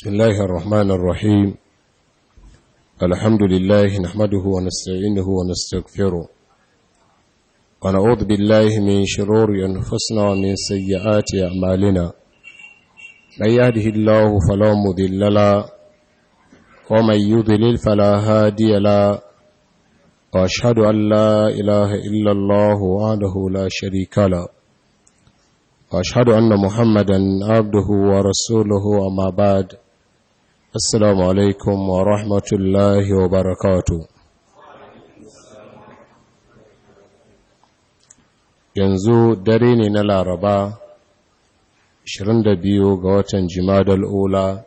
بسم الله الرحمن الرحيم الحمد لله نحمده ونستعينه ونستغفره ونعوذ بالله من شرور أنفسنا ومن سيئات أعمالنا من يهده الله فلا مضل له ومن يضلل فلا هادي له وأشهد أن لا إله إلا الله وحده لا شريك له واشهد ان محمدا عبده ورسوله اما بعد Assalamu alaikum wa rahmatullahi wa barakatu. Yanzu dare ne na Laraba, 22 ga watan Jimadal Ula,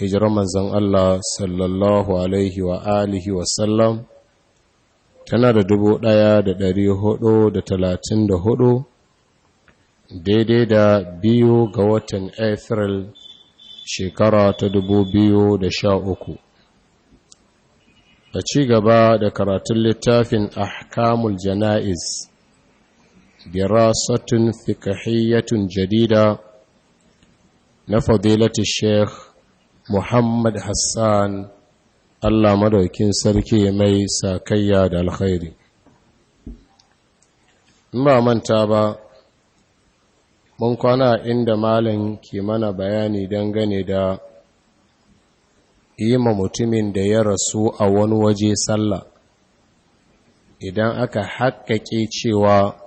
hijirar manzan Allah sallallahu Alaihi wa alihi wasallam, tana da hudu daidai da biyu ga watan Afril shekara ta dubu biyu da sha uku. a ci gaba da karatun littafin ahkamul jana'iz dirasatun fikahiyyatun jadida na fadilati sheikh muhammad hassan allah madaukin sarki mai sakayya da alkhairi in ba manta ba mun kwana inda malam ke mana bayani gane da yi ma mutumin da ya rasu a wani waje sallah idan aka haƙaƙe cewa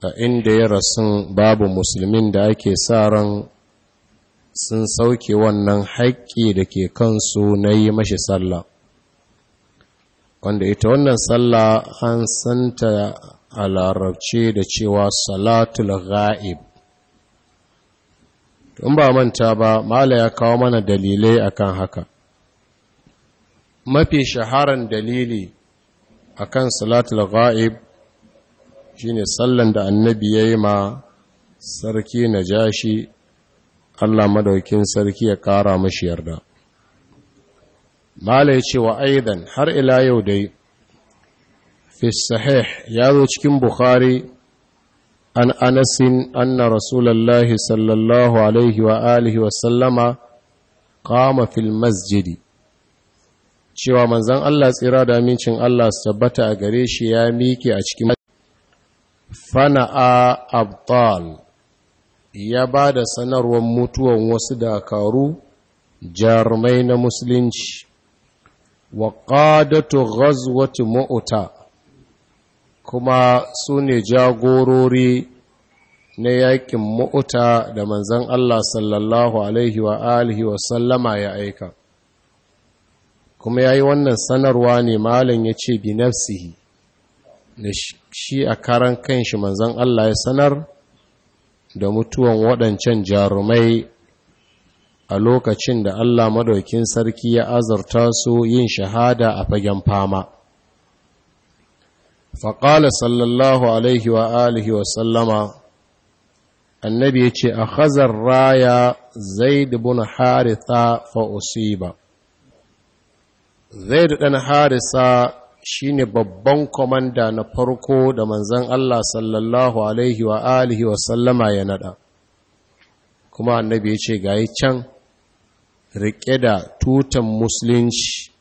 a inda ya rasu babu musulmin da ake sa ran sun sauke wannan haƙƙi da ke kansu na yi mashi sallah wanda ita wannan sallah an santa a larabce da cewa salatul ghaib in ba manta ba mala ya kawo mana dalilai akan haka mafi shaharan dalili akan salatul ghaib shine sallan da annabi yayi ma sarki najashi Allah madaukin sarki ya kara mashi yarda mala ya ce wa aidan har ila yau dai fi sahih ya zo cikin bukhari an anasin anna Rasulallah sallallahu alaihi wa alihi sallama kama fil masjidi cewa manzan Allah tsira da amincin Allah su tabbata a gare shi ya miki a cikin fana'a abtal ya ba da sanarwar mutuwan wasu dakaru jarumai na musulunci wa ƙadatu ghazwati mu'uta kuma su ne jagorori na yakin mu'uta da manzan Allah sallallahu alaihi wa alihi wa sallama ya aika kuma ya yi wannan sanarwa ne malin ya ce bi nafsihi da shi a karan kanshi manzan Allah ya sanar da mutuwan waɗancan jarumai a lokacin da Allah madaukin sarki ya azarta su yin shahada a fagen fama faƙala sallallahu alaihi wa alihi wa sallama annabi ce a hazar raya zaid bin haritha fa usiba zaid ɗan harisa shine babban komanda na farko da manzon Allah sallallahu alaihi wa alihi wa sallama ya naɗa kuma annabi ya ce gayi can riƙe da tutan musulunci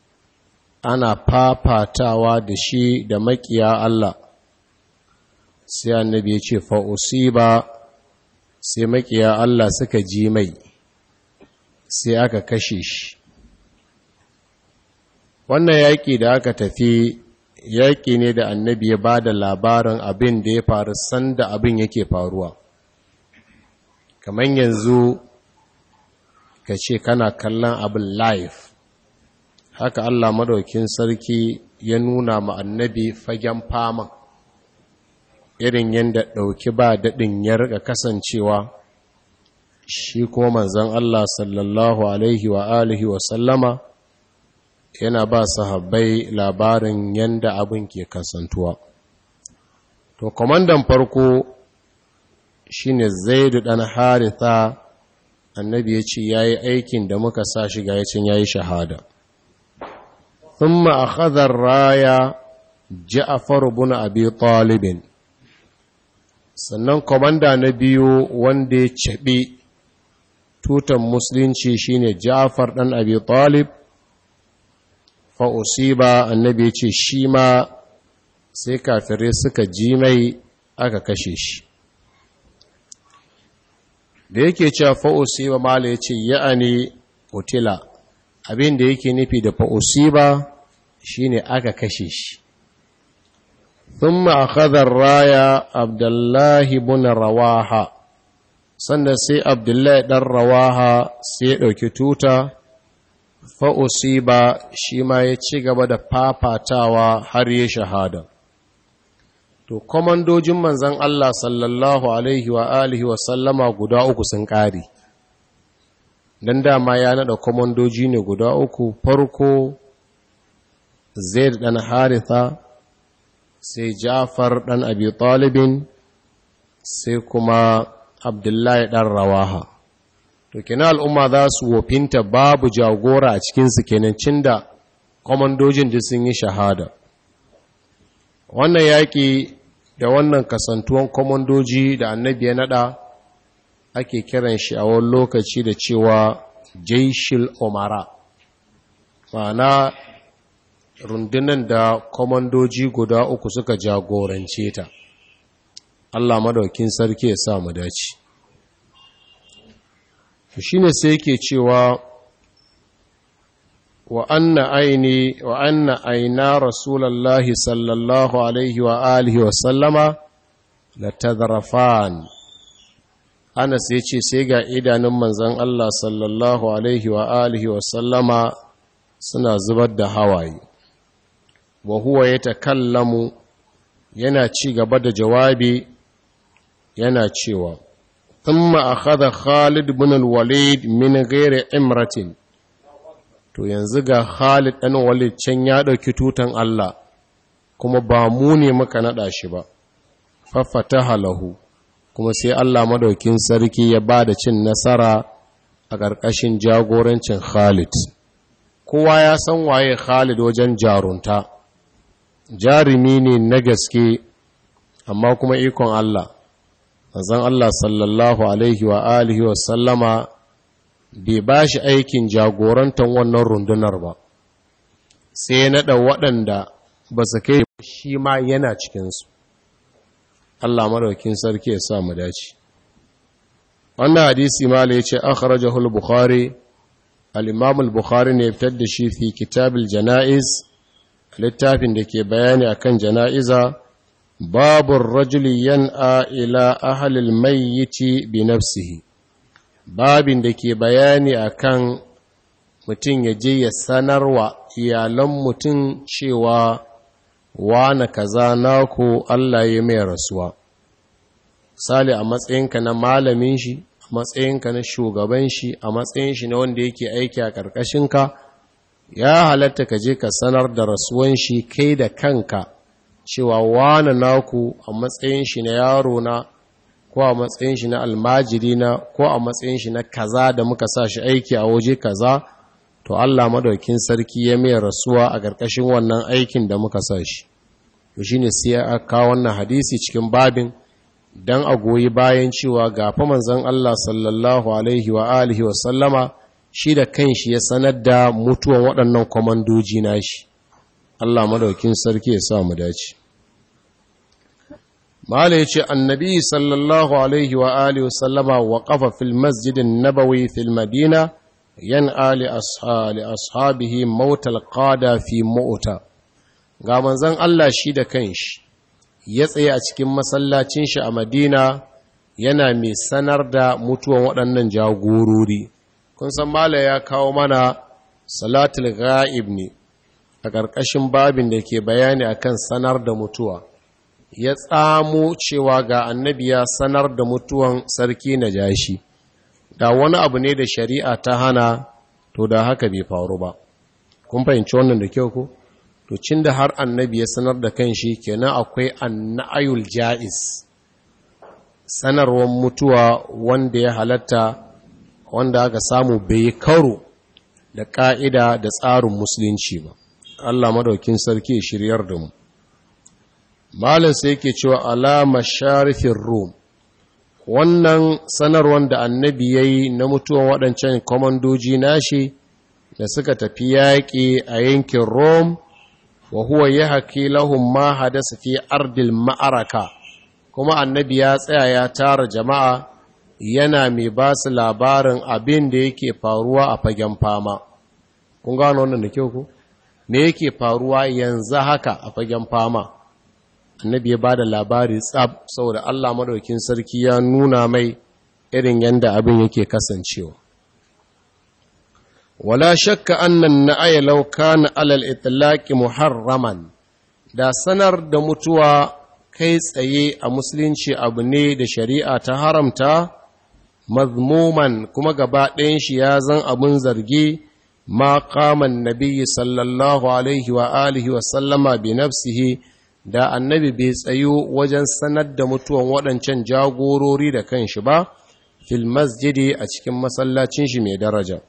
ana fafatawa da shi da makiya Allah sai annabi ya ce ba, sai makiya Allah suka ji mai sai aka kashe shi wannan yaƙi da aka tafi yaƙi ne da annabi ya ba da labarin abin da ya faru sanda abin yake faruwa kamar yanzu ka ce kana kallon abin live haka Allah madaukin sarki ya nuna ma annabi fagen fama irin yadda ɗauki ba daɗin ya kasancewa shi kuma manzan Allah sallallahu alaihi wa alihi wa sallama yana ba sahabbai labarin yadda abin ke kasantuwa to kwamandan farko shine zaidu ɗan haritha annabi ya ce ya yi aikin da muka sa shiga ya ce ya yi shahada ثم أخذ الراية جعفر بن أبي طالب sannan komanda na biyu wanda ya caɓe tutan musulunci shine jafar ɗan abi talib fa'usiba annabi ya ce shi ma sai kafirai suka ji mai aka kashe shi da yake cewa fa'usiba mala ya ce ya'ani utila abin da yake nufi da fa'usiba shine aka kashe shi sun أخذ raya Abdullahi buna rawaha رواحة sanda sai abdullahi ɗan rawaha sai ya ɗauki tuta fa'usiba shi ma ya ci gaba da fafatawa har ya shahada to komandojin manzan Allah sallallahu alaihi wa alihi wa sallama guda uku sun ƙari don dama ya naɗa kwamandoji ne guda uku farko zaid dan haritha sai jafar ɗan abi talibin sai kuma abdullahi ɗan rawaha to kina al'umma za su wofinta babu jagora a cikinsu kenan cinda da kwamandojin da sun yi shahada wannan yaƙi da wannan kasantuwan kwamandoji da annabi ya naɗa ake kiran shi a wani lokaci da cewa jaishil umara ma'ana rundunan da kwamandoji guda uku suka jagorance ta Allah madaukin sarki ya sa mu dace shi ne sai ke cewa wa'anna aina Rasulallah sallallahu alaihi wa alihi wa sallama ta anas ya ce sai ga idanun manzan Allah sallallahu alaihi wa alihi wa sallama suna zubar da hawaye wa huwa ya takallamu yana ci gaba da jawabi yana cewa thumma akhadha Khalid ibn al-Walid min ghairi imratin to yanzu ga Khalid ɗan Walid can ya ɗauki tutan Allah kuma ba mu ne muka naɗa shi ba faffata lahu. kuma sai Allah madaukin sarki ya ba da cin nasara a ƙarƙashin jagorancin Khalid kowa ya san waye Khalid wajen jarunta jarumi ne na gaske amma kuma ikon Allah azan Allah sallallahu alaihi wa alihi wa sallama bai ba shi aikin jagorantar wannan rundunar ba sai ya naɗa waɗanda ba su kai shi ma yana cikinsu Allah madaukin sarki ya sa mu dace wannan hadisi mala yace akhrajahu al-bukhari al-imam al-bukhari ne fitar da shi fi kitab al-janaiz littafin da ke bayani akan janaiza babu rajuli yan'a ila ahli al-mayyit bi nafsihi babin da ke bayani akan mutum ya je ya sanarwa iyalan mutum cewa wane kaza naku Allah ya mai rasuwa sali a matsayinka na malamin shi a matsayinka na shugaban shi a matsayin shi na wanda yake aiki a ƙarƙashinka ya halatta ka je ka sanar da rasuwan shi kai da kanka cewa na naku a matsayin shi na yaro na ko a matsayin shi na almajiri na ko a matsayin shi na kaza da muka sa shi aiki a waje kaza to Allah madaukin sarki ya mai rasuwa a ƙarƙashin wannan aikin da muka sa shi to shine sai a kawo wannan hadisi cikin babin don a goyi bayan cewa ga fa manzon Allah sallallahu alaihi wa alihi wa sallama shi da kanshi ya sanar da mutuwan waɗannan kwamandoji shi? Allah madaukin sarki ya sa mu dace Mala ya ce, Annabi sallallahu Alaihi wa Alihi sallama wa ƙafa fil masjidin nabawi fil Madina, Yan Ali ashabihi mautal qada fi mu'ta ga manzon Allah shi da kanshi ya tsaye a cikin masallacin shi a Madina yana mai sanar da mutuwan waɗannan jagorori kun san mala ya kawo mana salatul ghaib ne a ƙarƙashin babin da ke bayani akan sanar da mutuwa ya tsamo cewa ga annabi ya sanar da mutuwan sarki na jashi. da wani abu ne da shari'a ta hana to da haka bai faru ba kun fahimci wannan da kyau ko to cin da har annabi ya sanar da kan shi kenan akwai annayul jais sanarwar mutuwa wanda ya halatta wanda aka samu bai karo da ƙa'ida da tsarin musulunci ba Allah madaukin sarki shiryar da mu Malam sai yake cewa alama sharifin rum wannan sanarwar da annabi ya yi na mutuwan waɗancan kwamandoji nashi da suka tafi yaƙi a yankin rome wa huwa ya haƙi lahun ma su fi ardil ma'araka kuma annabi ya tsaya ya tara jama'a yana mai ba su labarin abin da yake faruwa a fagen fama kun gano wannan da kyau ku me yake faruwa yanzu haka a fagen fama annabi ya da labari tsab saboda Allah madaukin sarki ya nuna mai irin yanda abin yake kasancewa wala shakka annan na'aya law kana alal itlaqi muharraman da sanar da mutuwa kai tsaye a musulunci abu ne da shari'a ta haramta mazmuman kuma gaba ɗayan shi ya zan abin zargi ma qaman nabiyyi sallallahu alaihi wa alihi wa sallama bi nafsihi da annabi bai tsayo wajen sanar da mutuwan waɗancan jagorori da kanshi ba fil masjidi a cikin masallacin shi mai daraja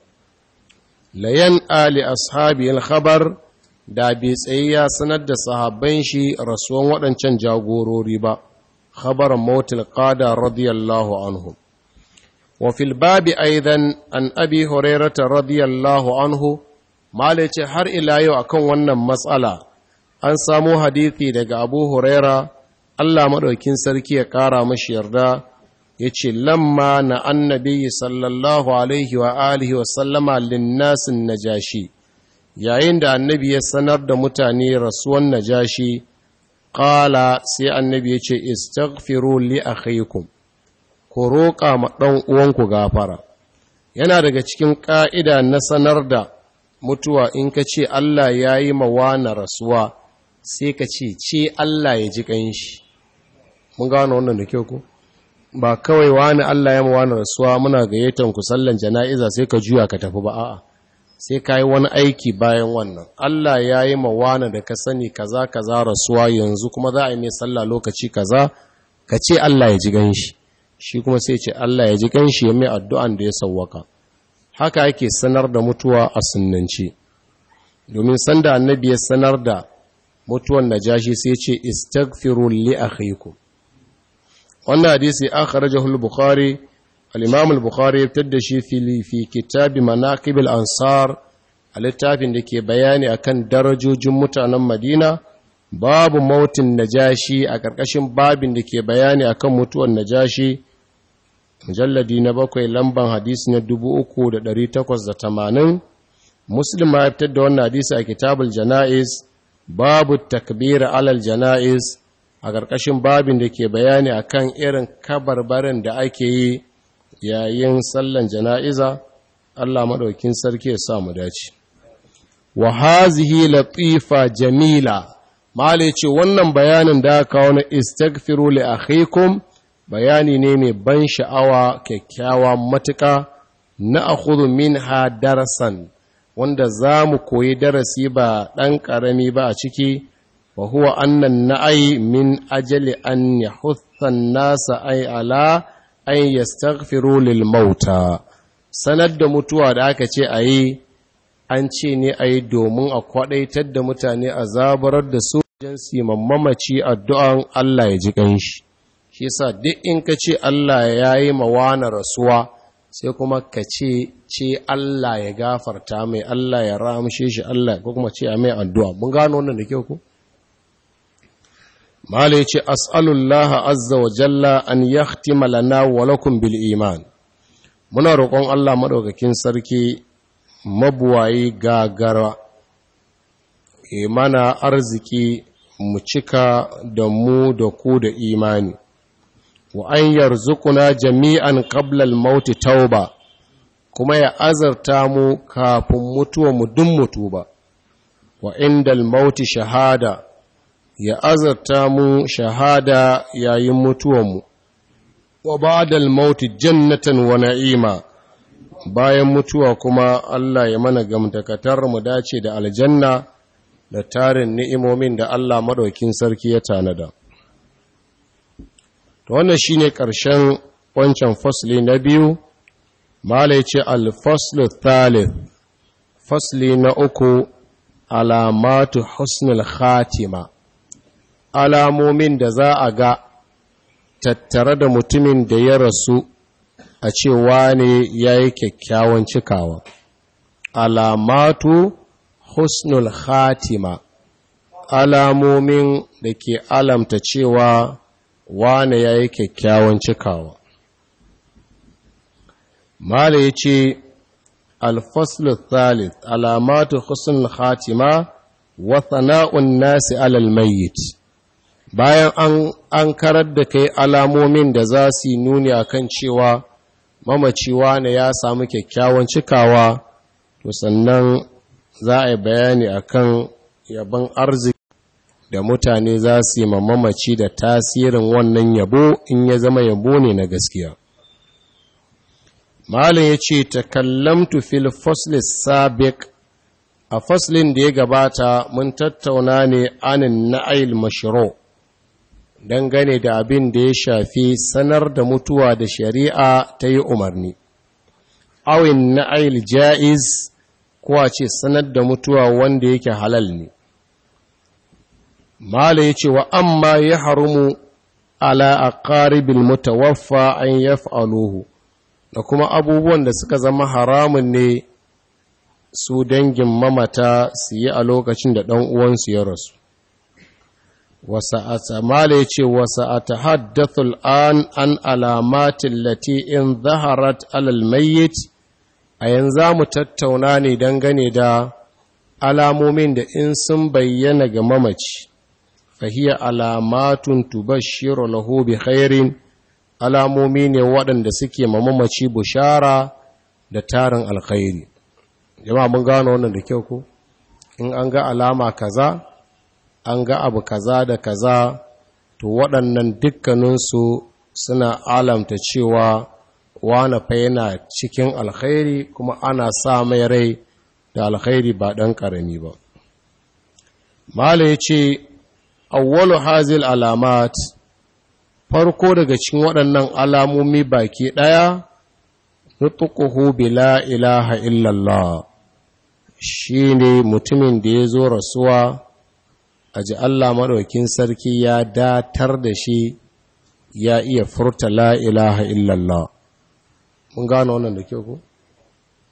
layan ali ashabi khabar da bai tsaye ya sanar da sahabban shi rasuwan waɗancan jagorori ba khabaran mautul qada radiyallahu anhu wa fil babi aidan an abi hurairata radiyallahu anhu mala har ila yau akan wannan matsala an samo hadithi daga abu huraira allah maɗaukin sarki ya ƙara mashi yarda ya ce lamma na annabi sallallahu alaihi wa alihi wa sallama linnasin najashi yayin da annabi ya sanar da mutane rasuwan najashi ƙala sai annabi ya ce istaghfiru li akhikum ku roƙa ma ɗan uwanku gafara yana daga cikin ƙa'ida na sanar da mutuwa in ka ce Allah ya yi mawa na rasuwa sai ka ce ce Allah ya ji shi. mun gano wannan da kyau ko ba kawai wani Allah ya mawa rasuwa muna gayyatan ku sallan jana'iza sai ka juya ka tafi ba a'a sai ka yi wani aiki bayan wannan Allah ya yi mawana da ka sani kaza kaza rasuwa yanzu kuma za a yi mai sallah lokaci kaza ka ce Allah ya ji gan shi Shi kuma sai ce Allah ya ji gan shi ya mai addu'an da ya sawwaka haka ake sanar da mutuwa a sunnanci domin sanda annabi ya sanar da mutuwan najashi sai ce istaghfiru li akhikum wannan hadisi akhrajahu al-bukhari al-imam al-bukhari ya fitar da shi fi kitabi manaqib al-ansar a littafin da ke bayani akan darajojin mutanen madina babu mautin najashi a karkashin babin da ke bayani akan mutuwan najashi mujalladi na bakwai lamban hadisi na dubu uku da da tamanin, muslim ya fitar da wannan hadisi a kitabul janaiz babu takbira alal jana'iz a ƙarƙashin babin da ke bayani akan irin kabarbarin da ake yi yayin sallan jana'iza Allah maɗaukin sarki ya samu dace wa hazihi latifa jamila mali ce wannan bayanin da aka wani istaghfiru li akhikum bayani ne mai ban sha'awa kyakkyawa matuka na akhudhu minha darasan wanda za mu koyi darasi ba ɗan ƙarami ba a ciki wa huwa annan na'ai min ajali an ya hutsan nasa ai ala an ya stagfiro mauta sanar da mutuwa da aka ce a yi an ce ne a yi domin a kwaɗaitar da mutane a zabarar da su wajen siman mamaci addu'an Allah ya ji ƙanshi shi sa duk in ka ce Allah ya yi mawa na rasuwa sai kuma ka ce ce Allah ya gafarta mai Allah ya ramshe shi Allah ko kuma ce a mai addu'a mun gano wannan da kyau Mala ya ce as'alullah azza wa jalla an ya lana malana walakun bil iman muna roƙon Allah maɗaukakin sarki mabuwayi gagara e mana arziki mu cika da mu da ku da imani wa an yarzukuna jami'an kablal mauti tauba kuma ya azarta mu kafin mutuwa mu dun mutu ba wa indal mauti shahada ya azarta mu shahada yayin mutuwanmu wa ba'dal mauti jannatan wa na'ima bayan mutuwa kuma Allah ya mana gamtakatar mu dace da aljanna da tarin ni'imomin da Allah madaukin sarki ya tanada to wannan shine ƙarshen wancan fasli na biyu malai ce alfaslu thalith fasli na uku alamatu husnul khatima alamomin da za a ga tattare da mutumin da ya rasu a cewa ne ya yi kyakkyawan cikawa alamatu husnul khatima alamomin da ke alamta cewa wane ya yi kyakkyawan cikawa mala ya ce alfaslu Thalit, alamatu Husun khatima wa thana'un nasi alal bayan an karar da kai alamomin da za su nuni akan cewa mamaciwa ne ya samu kyakkyawan cikawa to sannan za a yi bayani akan yabon arziki da mutane za su yi mamaci da tasirin wannan yabo in ya zama yabo ne na gaskiya malam ya ce takallamtu fil faslis sabiq a faslin da ya gabata mun tattauna ne anin na'il mashiro dangane da abin da ya shafi sanar da mutuwa da shari'a ta yi umarni awin na'il ja'iz kuwa ce sanar da mutuwa wanda yake halal ne mala ya ce wa amma ya harumu ala a ƙaribin mutawaffa an yaf'aluhu da kuma abubuwan da suka zama haramun ne su dangin mamata su yi a lokacin da ɗan'uwansu ya rasu a ya ce wasa a ta haddathul an an alamatin lati in zaharat alal a yanzu mu tattauna ne dangane da alamomin da in sun bayyana ga mamaci fahiyar alamatun tubashiru lahobi khairin alamomi ne waɗanda suke mamamaci bushara da tarin alkhairi jama'a mun gano wannan da kyau ko in an ga alama kaza an ga abu kaza da kaza to waɗannan dukkaninsu suna alamta cewa wane fa yana cikin alkhairi kuma ana sa mai rai da alkhairi ba ɗan ƙarami ba mala ya ce awwalu hazil alamat farko daga cikin waɗannan alamomi baki ɗaya nutuquhu bila ilaha illallah shi ne mutumin da ya zo rasuwa a ji Allah maɗaukin sarki ya datar da shi ya iya furta la ilaha illallah mun gano wannan da kyau ku?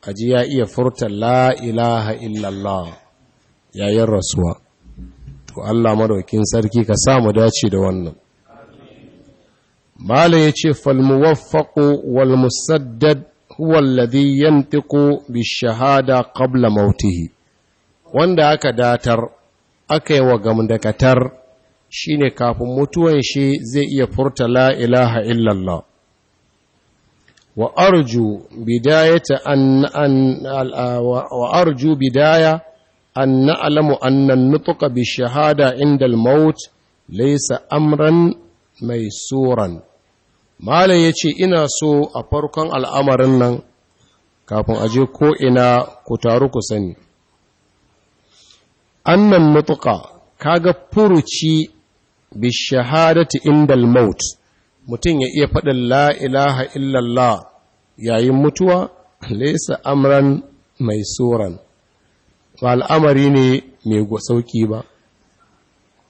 a ji ya iya furta la ilaha illallah yayin rasuwa to Allah maɗaukin sarki ka samu dace da wannan mala ya ce falmuwaffaqu wal musaddad huwa bi shahada qabla mautihi wanda aka datar aka yi wa gamdakatar shine kafin mutuwan shi zai iya furta la ilaha illallah wa arju bidayata an wa arju bidaya an na'lamu anna an-nutqa bi shahada inda al-maut amran mai maisuran malam ya ce ina so a farkon al'amarin nan kafin aje ko'ina ku taru ku sani annan mutuka kaga furuci bi shahadati indal maut mutum ya iya faɗin la'ilaha illallah yayin mutuwa laisa amran mai tsoron ba al'amari ne mai sauki ba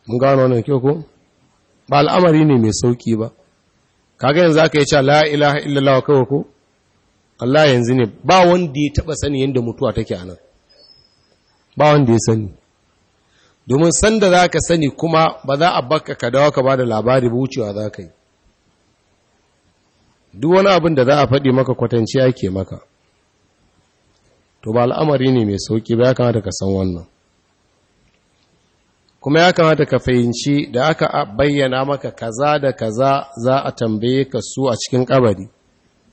mun gano wannan kyau ko ba al'amari ne mai sauƙi ba kaga yanzu aka yi cewa la ilaha illallah kawai ko Allah yanzu ne ba wanda ya taba sani yanda mutuwa take anan ba wanda ya sani domin sanda za ka sani kuma ba za a baka ka dawo ka ba da labari ba wucewa za ka yi duk wani abin da za a faɗi maka kwatanci ake maka to ba al'amari ne mai sauki ba ya kamata ka san wannan kuma ya kamata ka fahimci da aka bayyana maka kaza da kaza za a tambaye ka su a cikin kabari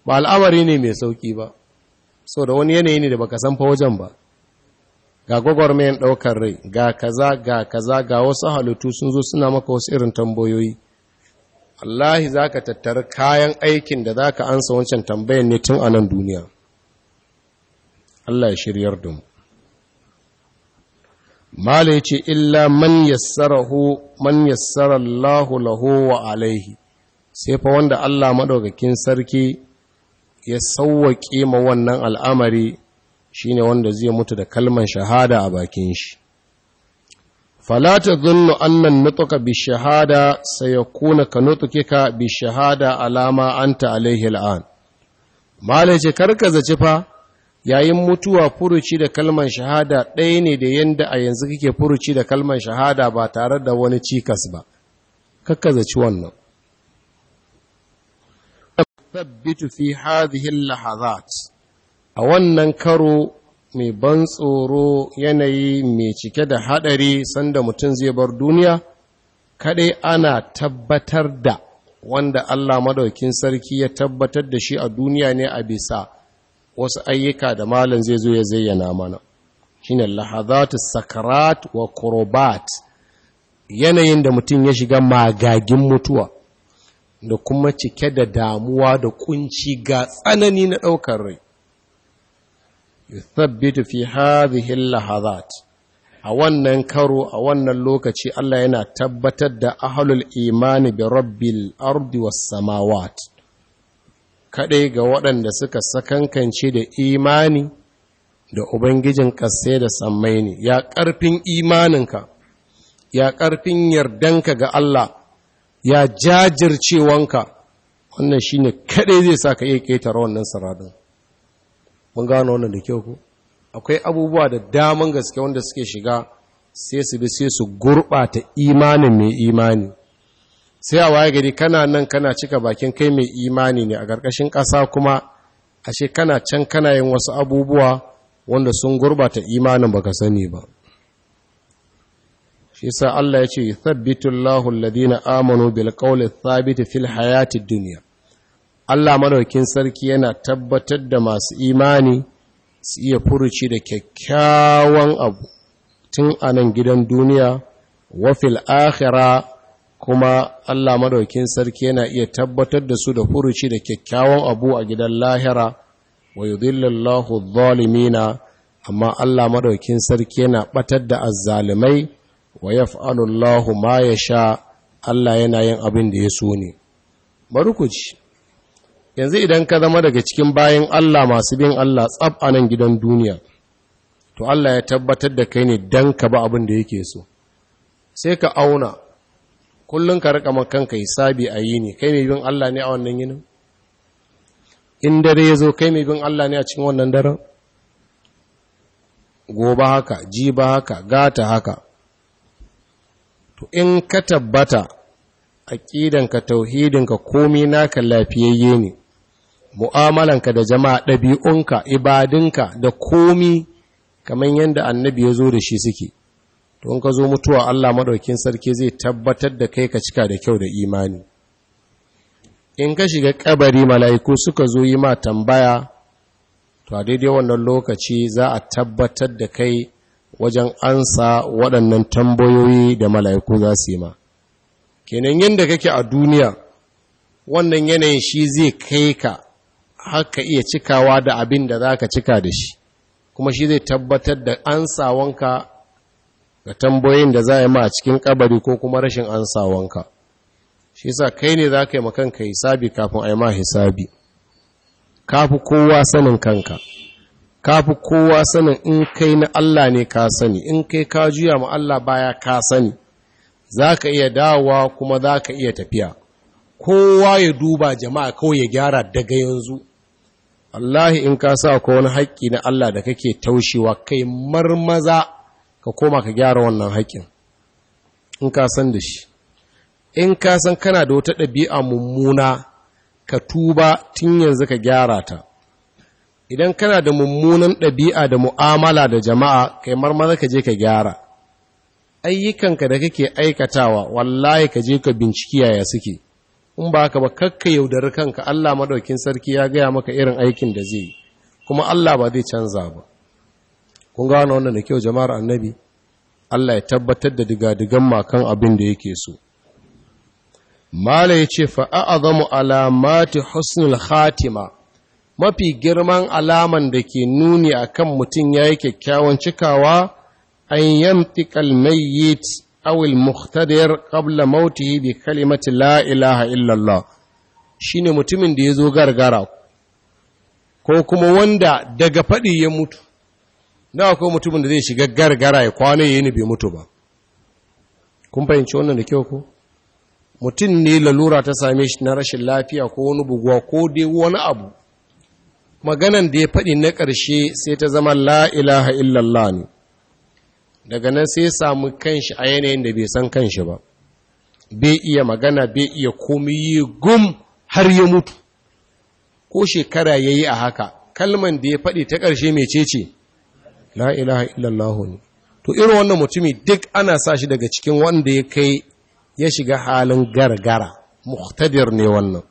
ba al'amari ne mai sauki ba so da wani yanayi ne da baka san fa wajen ba ga gwagwarmayan ɗaukar rai ga kaza ga kaza ga wasu halittu sun zo suna maka wasu irin tambayoyi Allahi za ka tattara kayan aikin da za ka ansa wancan tambayan ne tun anan duniya Allah ya shiryar da mu mala ce illa man yassarahu man Allahu lahu wa alaihi sai fa wanda Allah madaukakin sarki ya sauwaƙe ma wannan al'amari shine wanda zai mutu da kalman shahada a bakin shi fala tadhunnu anna nutuka bi shahada kuna ka nutukika bi shahada alama anta alaihi al'an mala kar ce karka zaci fa yayin mutuwa furuci da kalman shahada ɗaya ne da yanda a yanzu kake furuci da kalman shahada ba tare da wani cikas ba kakkazaci wannan tabbitu fi hadhihi lahazat a wannan karo mai ban tsoro yanayi mai cike da hadari sanda mutum zai bar duniya kaɗai ana tabbatar da wanda Allah madaukin sarki ya tabbatar da shi a duniya ne a bisa wasu ayyuka da malam zai zo ya zayyana mana shine lahazatu sakarat wa korobat yanayin da mutum ya shiga magagin mutuwa da kuma cike da damuwa da kunci ga tsanani na ɗaukar rai yuthabbitu fi hadhihi lahazat a wannan karo a wannan lokaci Allah yana tabbatar da ahlul imani bi rabbil ardi was samawati kaɗai ga waɗanda suka sakankance da imani da Ubangijin ƙasai da sammai ne, ya ƙarfin imaninka, ya ƙarfin yardanka ga Allah, ya jajircewanka, wannan shi ne kaɗai zai sa ka iya ƙetare wannan saradin. Mun gano wannan da kyau ku? Akwai abubuwa da daman gaske wanda suke shiga sai su bi sai su gurɓata imanin mai imani. sai a waye gari kana nan kana cika bakin kai mai imani ne a ƙarƙashin ƙasa kuma ashe kana can kana yin wasu abubuwa wanda sun gurbata imanin baka sani ba shi sa Allah ya ce yuthabbitu Allahu alladhina amanu bil qawli thabit fil hayati dunya Allah madaukin sarki yana tabbatar da masu imani su iya furuci da kyakkyawan abu tun anan gidan duniya wa fil akhirah kuma Allah madaukin sarki yana iya tabbatar da su da furuci da kyakkyawan abu a gidan lahira wa yudhillillahu adh-dhalimina amma Allah madaukin sarki yana batar da azzalimai wa yaf'alu Allahu ma yasha Allah yana yin abin da ya so ne marukuci yanzu idan ka zama daga cikin bayan Allah masu bin Allah tsab a nan gidan duniya to Allah ya tabbatar da kai ne dan ka ba abin da yake so sai ka auna kullum ka rika ka hisabi a yi ne kai mai bin Allah ne a wannan yinin in dare ya zo kai mai bin Allah ne a cikin wannan daren gobe haka jiba haka gata haka to in ka tabbata aqidanka tauhidinka komai naka lafiyayye ne mu'amalanka da jama'a ɗabi'unka ibadinka da komi kamar yadda annabi ya zo da shi suke don ka zo mutuwa Allah maɗaukin sarki zai tabbatar da kai ka cika da kyau da imani in ka shiga ƙabari mala'iku suka zo yi ma tambaya to a daidai wannan lokaci za a tabbatar da kai wajen ansa waɗannan tambayoyi da mala'iku za su yi ma kenan yadda kake a duniya wannan yanayin shi zai kai ka haka iya cikawa da abin da za ka cika da shi kuma shi zai tabbatar da ansawanka ga tambayoyin da za a yi ma a cikin kabari ko kuma rashin sawonka shi sa kai ne za ka yi makanka hisabi kafin a yi ma hisabi kafi kowa sanin kanka kafi kowa sanin in kai na Allah ne ka sani in kai ka juya ma Allah baya ka sani za ka iya dawa kuma za ka iya tafiya kowa ya duba jama'a kawai ya gyara daga yanzu Allahi in ka sa ko wani haƙƙi na Allah da kake taushewa kai marmaza ka koma ka gyara wannan haƙin in ka san da shi in ka san kana da wata ɗabi'a mummuna ka tuba tun yanzu ka gyara ta idan kana da mummunan ɗabi'a da mu'amala da jama'a kai marmara ka je ka gyara ayyukanka da kake aikatawa wallahi ka je ka binciki yaya suke in ba ka ba kakka yaudari kanka Allah maɗaukin sarki ya gaya maka irin aikin da zai yi kuma Allah ba zai canza ba kun gano wannan da kyau jama'ar annabi Allah ya tabbatar da digadigan makan abin da yake so mala ya ce fa'a'azamu alamati husnul khatima mafi girman alaman da ke nuni a kan mutum ya yi kyakkyawan cikawa an kalmai yi awil muhtadiyar ƙabla mauti bi kalimati la ilaha illallah ne mutumin da ya zo gargara ko kuma wanda daga faɗi ya mutu da akwai mutumin da zai shiga gargara ya kwana ya yi bai mutu ba kun fahimci wannan da kyau ko mutum ne lalura ta same shi na rashin lafiya ko wani buguwa ko dai wani abu maganan da ya faɗi na ƙarshe sai ta zama la ilaha illallah ne daga nan sai ya samu kanshi a yanayin da bai san kanshi ba bai iya magana bai iya komi yi gum har ya mutu ko shekara ya yi a haka kalman da ya faɗi ta ƙarshe mai ce la ilaha illallah to irin wannan mutumi duk ana sa shi daga cikin wanda ya kai ya shiga halin gargara muhtadir ne wannan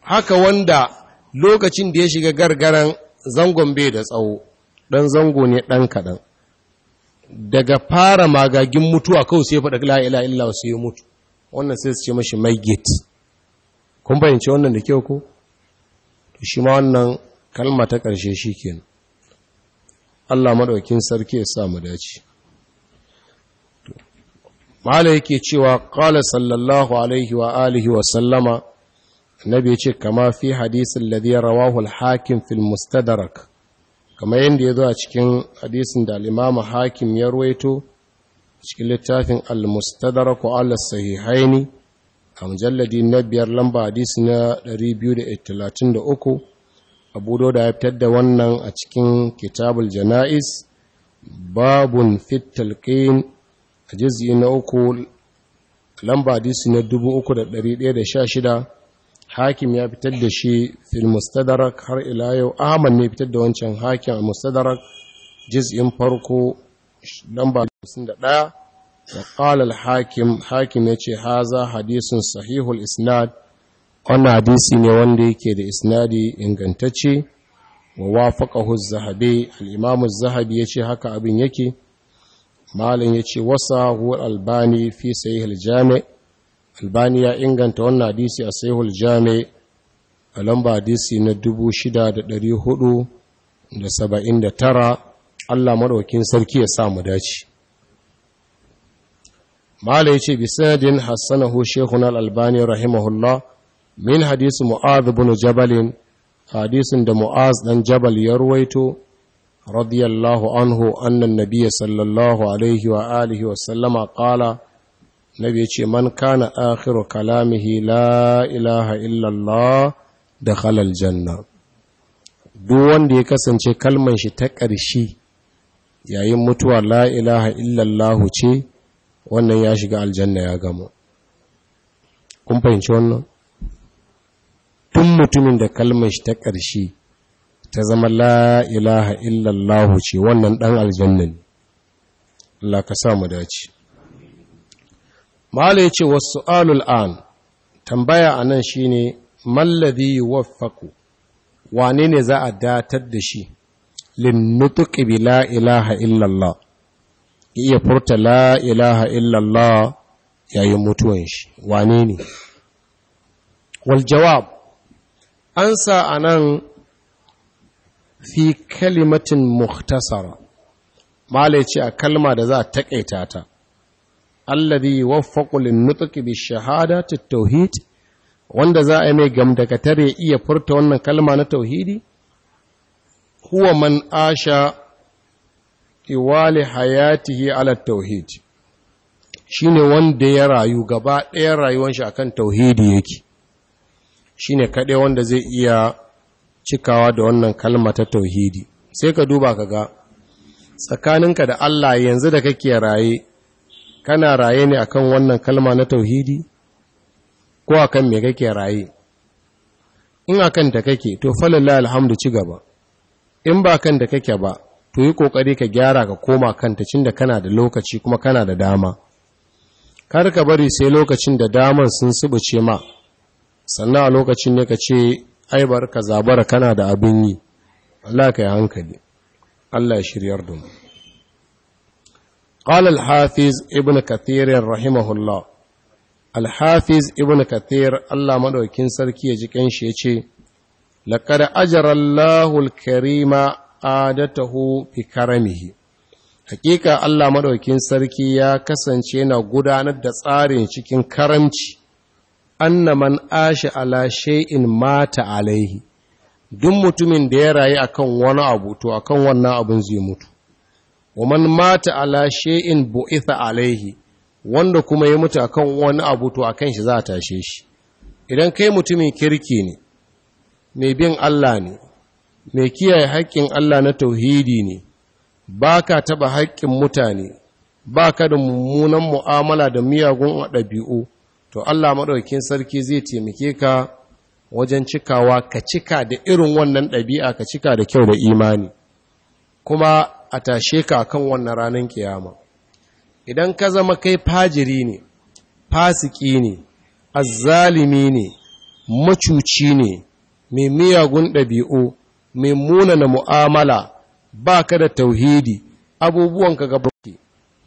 haka wanda lokacin da ya shiga gargaran zangon bai da tsawo dan zango ne dan kadan daga fara magagin mutuwa kawai sai faɗa la ilaha illallah sai ya mutu wannan sai su ce mashi maigit kun fahimci wannan da kyau ko shi ma wannan kalma ta ƙarshe shi kenan Allah maɗaukin sarki ya sa mu dace mala yake cewa qala sallallahu alaihi wa alihi wa sallama annabi yace kama fi hadisin ladhi rawahu al-hakim fil mustadrak kama yanda yazo a cikin hadisin da al hakim ya ruwaito cikin littafin al-mustadrak wa al-sahihaini a mujalladi na biyar lamba hadisi na 233 abu dauda ya fitar da wannan a cikin kitabul jana'is babun fit talqin a jizgi na uku lamba hadisi na 3116 hakim ya fitar da shi fil mustadarak har ila yau ahmad ne fitar da wancan hakim a mustadarak juz'in farko lamba 51 وقال الحاكم حاكم يتي هذا حديث صحيح الإسناد wannan hadisi ne wanda yake da isnadi ingantacce wa wafaqahu zahabi al-imam az-zahabi yace haka abin yake malin yace wasa al albani fi sahih al-jami albani ya inganta wannan hadisi a sahih al-jami a lamba hadisi na 6479 Allah madaukin sarki ya sa mu dace malam yace bi sanadin hasanahu shaykhuna al-albani rahimahullah min hadisi mu'az ibn jabalin hadisin da mu'az dan jabal ya ruwaito radiyallahu anhu annan nabiy sallallahu alaihi wa alihi wa sallama qala nabi yace man kana akhiru kalamihi la ilaha illallah dakhala janna. duk wanda ya kasance kalman shi ta ƙarshe yayin mutuwa la ilaha illallah ce wannan ya shiga aljanna ya gamo. kun fahimci wannan tun mutumin da kalmar shi ta ƙarshe ta zama la ilaha illallah ce wannan ɗan aljanna ne Allah ka sa mu dace mala ce wasu alul an tambaya anan shine mallazi waffaku, wane ne za a datar da shi lin nutqi bi la ilaha illallah iya furta la ilaha illallah yayin mutuwan shi wane ne wal jawab an sa a nan fi kalimatin muhtasara mala ce a kalma da za a taƙaita ta alladhi waffaqu lin-nutqi bi ta tauhid wanda za a yi mai ya iya furta wannan kalma na tauhidi huwa man asha iwali hayatihi ala tauhid shine wanda ya rayu gaba ɗaya rayuwar shi akan tauhidi yake shi ne kaɗai wanda zai iya cikawa da wannan kalma ta tauhidi sai ka duba ka ga tsakaninka da Allah yanzu da kake raye kana raye ne akan wannan kalma na tauhidi ko akan me kake raye in akan da kake to falallahi alhamdu ci gaba in ba kan da kake ba to yi kokari ka gyara ka koma kanta da kana da lokaci kuma kana da dama kar ka bari sai lokacin da daman sun subuce ma sannan a lokacin ne ka ce aibar ka kana da abin yi Allah ka yi hankali Allah ya shiryar da mu qala hafiz ibn kathir rahimahullah alhafiz hafiz ibn kathir Allah maɗaukin sarki ya ji kanshi ya ce laqad ajara Allahu karima adatahu fi karamihi hakika Allah maɗaukin sarki ya kasance na gudanar da tsarin cikin karamci anna man ashi ala shay'in mata alaihi duk mutumin da ya rayu akan wani abu to akan wannan abun zai mutu wa man mata ala shay'in bu'itha alaihi wanda kuma ya mutu akan wani abu to akan shi za a tashe shi idan kai mutumin kirki ne mai bin Allah ne mai kiyaye haƙƙin Allah na tauhidi ne baka ka taɓa haƙƙin mutane baka da mummunan mu'amala da miyagun ɗabi'u to Allah maɗaukin sarki zai taimake ka wajen cikawa ka cika da irin wannan ɗabi'a ka cika da kyau da imani kuma a tashe ka kan wannan ranar kiyama idan ka zama kai fajiri ne fasiki ne azzalimi ne macuci ne mai miyagun ɗabi'u mai munana mu'amala ba ka da tauhidi abubuwan abubuwanka gaba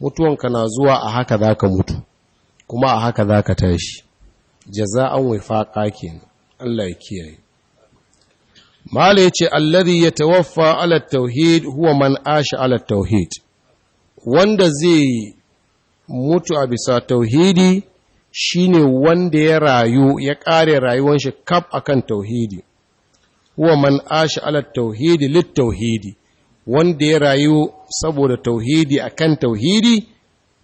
mutuwanka na zuwa a haka za ka mutu kuma a haka za ka tashi jaza wai faƙa ke. Allah ya kiyaye mala yace ya ya ala tauhid huwa man asha tauhid wanda zai mutu a bisa tauhidi shine wanda ya rayu ya ƙare rayuwar shi kaf akan tauhidi huwa man asha ala tauhidi lit wanda ya rayu saboda tauhidi akan tauhidi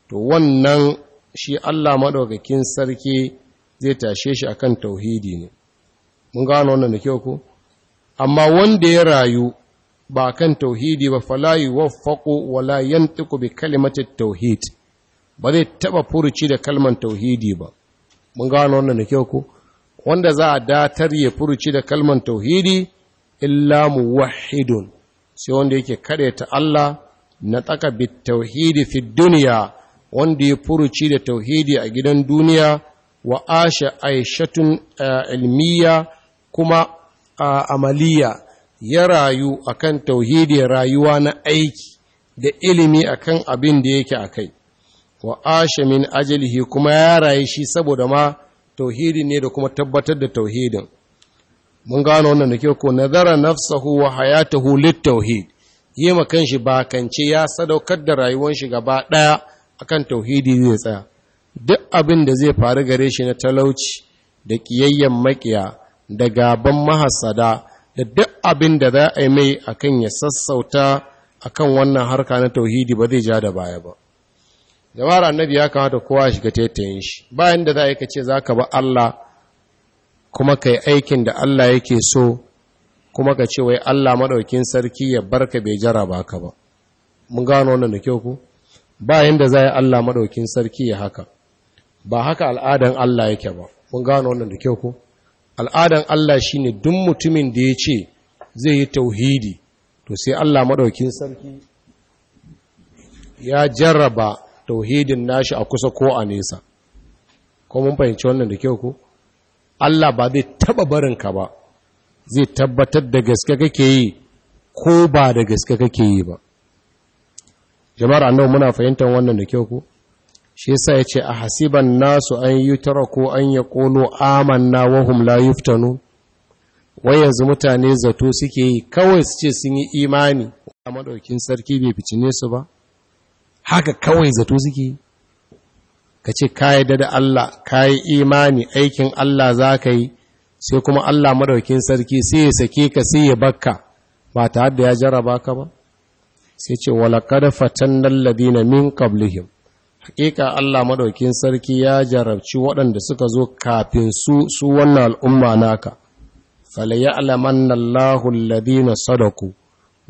to wannan shi Allah maɗaukakin sarki zai tashe shi akan tauhidi ne mun gano wannan da kyau ko amma wanda ya rayu ba kan tauhidi ba fala yuwaffaqu wala yantiqu bi kalimati tauhid ba zai taba furuci da kalman tauhidi ba mun gano wannan da kyau ko wanda za a datar ya furuci da kalman tauhidi illa muwahhidun sai wanda yake ta Allah na tsaka bi tauhidi fi duniya wanda ya furuci da tauhidi a gidan duniya wa asha aishatun ilmiya kuma amaliya ya rayu akan tauhidi rayuwa na aiki da ilimi akan abin da yake akai wa asha min ajalihi kuma ya rayu shi saboda ma tauhidi ne da kuma tabbatar da tauhidin mun gano wannan da ko nazara nafsahu wa hayatahu lit tauhid yi ma kanshi bakance ya sadaukar da rayuwar shi gaba daya akan tauhidi zai tsaya duk abin da zai faru gare shi na talauci da kiyayyen makiya da gaban mahasada da duk abin da za a yi mai akan ya sassauta akan wannan harka na tauhidi ba zai ja da baya ba jama'ar annabi ya kamata kowa ya shiga taitayin shi bayan da za a yi kace za ka ba Allah kuma ka yi aikin da Allah yake so kuma ka ce wai Allah maɗaukin sarki ya barka bai ba ka ba mun gano wannan da kyau ku ba yanda yi Allah maɗaukin sarki ya haka ba haka al'adan Allah yake ba Kun gano wannan da kyau ko al'adan Allah shine duk mutumin da ya ce zai yi tauhidi to sai Allah madaukin sarki ya jarraba tauhidin nashi a kusa ko a nesa ko mun fahimci wannan da kyau ko Allah ba zai taba barinka ba zai tabbatar da gaske kake yi ko ba da gaske kake yi ba jama'ar annabi muna fahimtar wannan da kyau ko shi yasa yace a hasiban nasu an yi ko an ya kono amanna wa hum la yuftanu wai yanzu mutane zato suke yi kawai su ce sun yi imani a madaukin sarki bai ficine su ba haka kawai zato suke yi ka ce ka yarda da Allah ka yi imani aikin Allah za ka yi sai kuma Allah madaukin sarki sai ya sake ka sai ya bakka ba tare da ya jarraba ka ba sai ce fatan lallabi ladina min qablihim hakika Allah madaukin sarki ya jarabci waɗanda suka zo kafin su su wannan al'umma naka alamanna Allahu na sadaku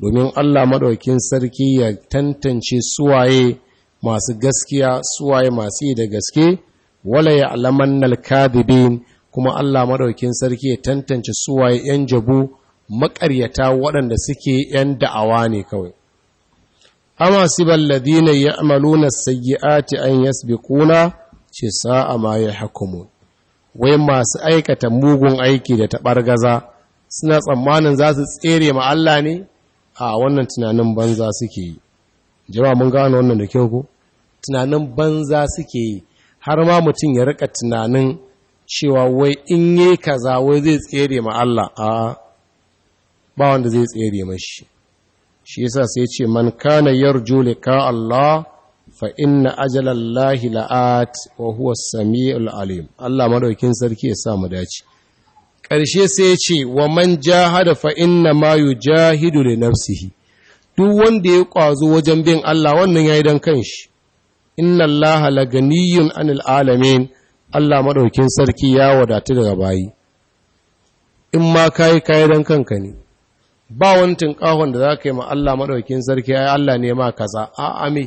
domin Allah madaukin sarki ya tantance suwaye masu gaskiya suwaye masu yi da gaske wala ya ya'lamannal kadibin kuma Allah madaukin sarki ya tantance suwaye yan jabu maƙaryata waɗanda suke yan da'awa ne kawai amma siban ladina ya amaluna sayyi'ati an yasbiquna ce sa'a ma ya hukumu wai masu aikata mugun aiki da taɓargaza suna tsammanin za su tsere ma Allah ne a wannan tunanin banza suke yi jama mun gano wannan da kyau ko tunanin banza suke yi har ma mutum ya rika tunanin cewa wai in yi kaza wai zai tsere ma Allah a ba wanda zai tsere mashi shi yasa sai ce man kana yarju lika Allah fa inna ajalallahi la'at wa huwa samiul alim Allah madaukin sarki ya sa mu dace karshe sai ya ce wa man jahada fa inna ma yujahidu li nafsihi duk wanda ya kwazo wajen bin Allah wannan yayi dan kanshi inna Allah laganiyyun anil alamin Allah madaukin sarki ya wadatu daga bayi in ma kai kai dan kanka ne ba wani tinkahon da za ka yi ma Allah maɗaukin sarki ya yi Allah ne ma kaza a ame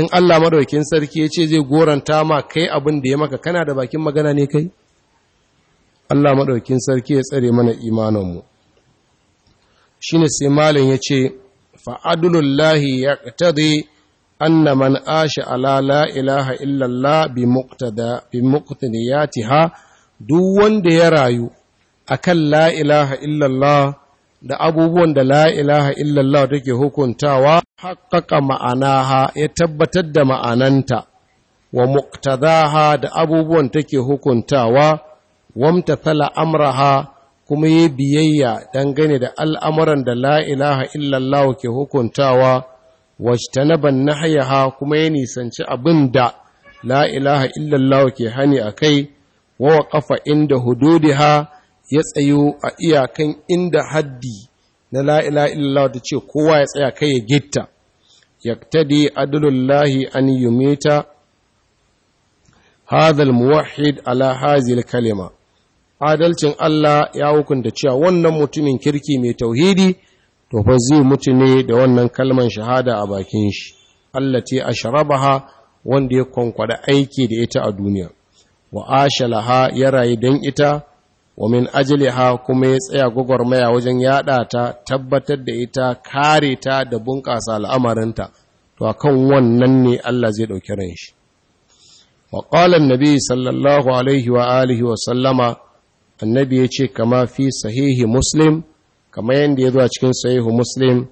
in Allah maɗaukin sarki ya ce zai goranta ma kai abin da ya maka kana da bakin magana ne kai Allah maɗaukin sarki ya tsare mana imaninmu shi ne sai malin ya ce lahi ya ƙtade anna man ashe ala ilaha illallah bi muqtadiyatiha duk wanda ya rayu akan la ilaha illallah da abubuwan da la ilaha illallah take hukuntawa haƙaƙa ma'anaha ya tabbatar da ma'ananta wa muktadaha da abubuwan take hukuntawa wamtathala amraha kuma yi biyayya dangane da al'amuran da la ilaha illallah ke hukuntawa na ban nahyaha kuma ya nisanci abin da la ilaha illallah ke hani a kai wa ƙafa inda hududiha ya tsayo a iyakan inda haddi na la'ila illallah ce kowa ya tsaya kai ya gitta Yaktade, Adalullahi an yi meta hadal muwahid ala hazil kalima adalcin Allah ya hukunta cewa wannan mutumin kirki mai tauhidi to fa zai mutu ne da wannan kalman shahada a bakin shi Allah ce a sharabaha wanda ya kwankwada aiki da ita a duniya wa ashalaha ya rayu dan ita wa min ha kuma ya tsaya gwagwarmaya wajen yada ta tabbatar da ita kare ta da bunƙasa al'amarinta to a kan wannan ne Allah zai ɗauki ran shi wa qala annabi sallallahu alaihi wa alihi wa sallama annabi ya ce kama fi sahihi muslim kama yanda zo a cikin sahihi muslim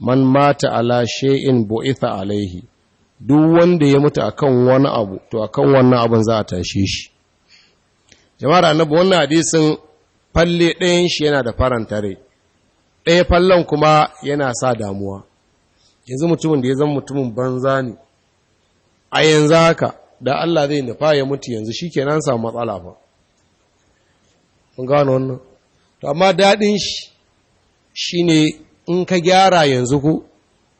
man mata ala shay'in bu'itha alaihi duk wanda ya mutu akan wani abu to akan wannan abun za a tashe shi jama'ar annabi wannan hadisin falle ɗayan shi yana da faranta rai ɗaya fallon kuma yana sa damuwa yanzu mutumin da ya zama mutumin banza ne a yanzu haka da Allah zai nufa ya mutu yanzu shi ke nan samu matsala ba mun gano wannan to amma daɗin shi shi ne in ka gyara yanzu ku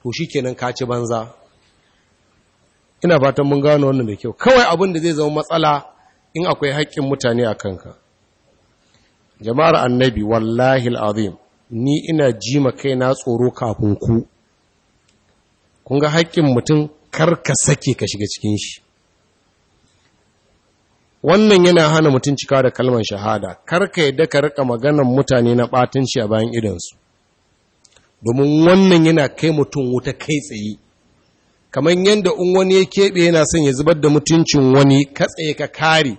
to shi ke nan ka ci banza ina fatan mun gano wannan da kyau kawai abin da zai zama matsala in akwai haƙƙin mutane a kanka jama'ar annabi wallahi al'azim ni ina jima kai na tsoro kafin ku kun ga haƙƙin mutum kar ka sake ka shiga cikin shi wannan yana hana mutum cika da kalmar shahada kar ka yadda ka riƙa maganan mutane na ɓatanci a bayan idansu domin wannan yana kai mutum wuta kai tsaye kamar yadda in wani ya keɓe yana son ya zubar da mutuncin wani ka tsaye ka kare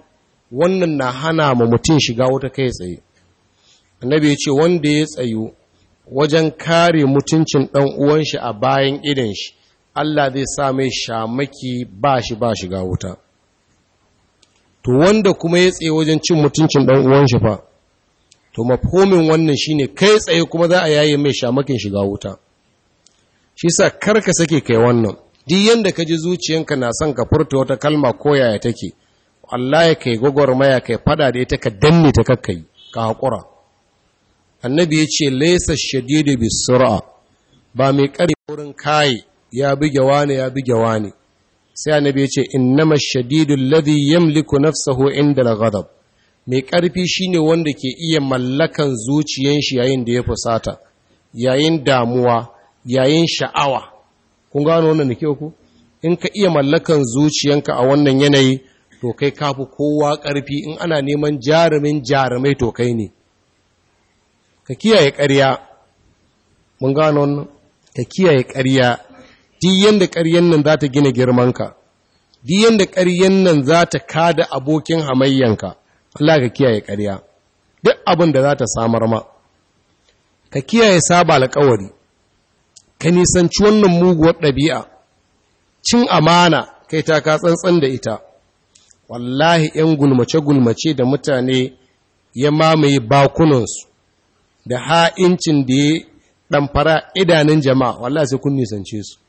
wannan na hana ma mutum shiga wata kai tsaye annabi ya ce wanda ya tsayu wajen kare mutuncin dan uwanshi a bayan idan shi Allah zai sa mai shamaki ba shi ba shiga wuta to wanda kuma ya tsaye wajen cin mutuncin dan uwan fa to mafhumin wannan shine kai tsaye kuma za a yaye mai shamakin shiga wuta shi sa karka sake kai wannan duk yanda ka ji zuciyanka na son ka furta wata kalma ko yaya take Allah ya kai gwagwarmaya kai fada da ita ka danne ta kakkai ka haƙura annabi ya ce laisa shadidu bi ba mai ƙari wurin kai ya bige wani ya bige wani sai annabi ya ce innama shadidu alladhi yamliku nafsahu inda al-ghadab mai ƙarfi shine wanda ke iya mallakan zuciyan shi yayin da ya fusata yayin damuwa yayin sha'awa kun gano wannan da ku in ka iya mallakan zuciyanka a wannan yanayi to kai kafi kowa ƙarfi in ana neman jarumin jarumai to kai ne ka kiyaye ƙarya mun gano wannan ka kiyaye ƙarya duk yanda ƙaryan nan za ta gina girmanka duk yanda ƙaryan nan za ta kada abokin hamayyanka Allah ka kiyaye ƙarya duk abin da za ta samar ma ka kiyaye saba alƙawari ka nisanci wannan muguwar ɗabi'a cin amana kai ta ka tsantsan da ita wallahi ‘yan gulmace-gulmace da mutane ya mamaye bakunansu da ha'incin da ya ɗamfara idanun jama'a wallahi sai kun nisance su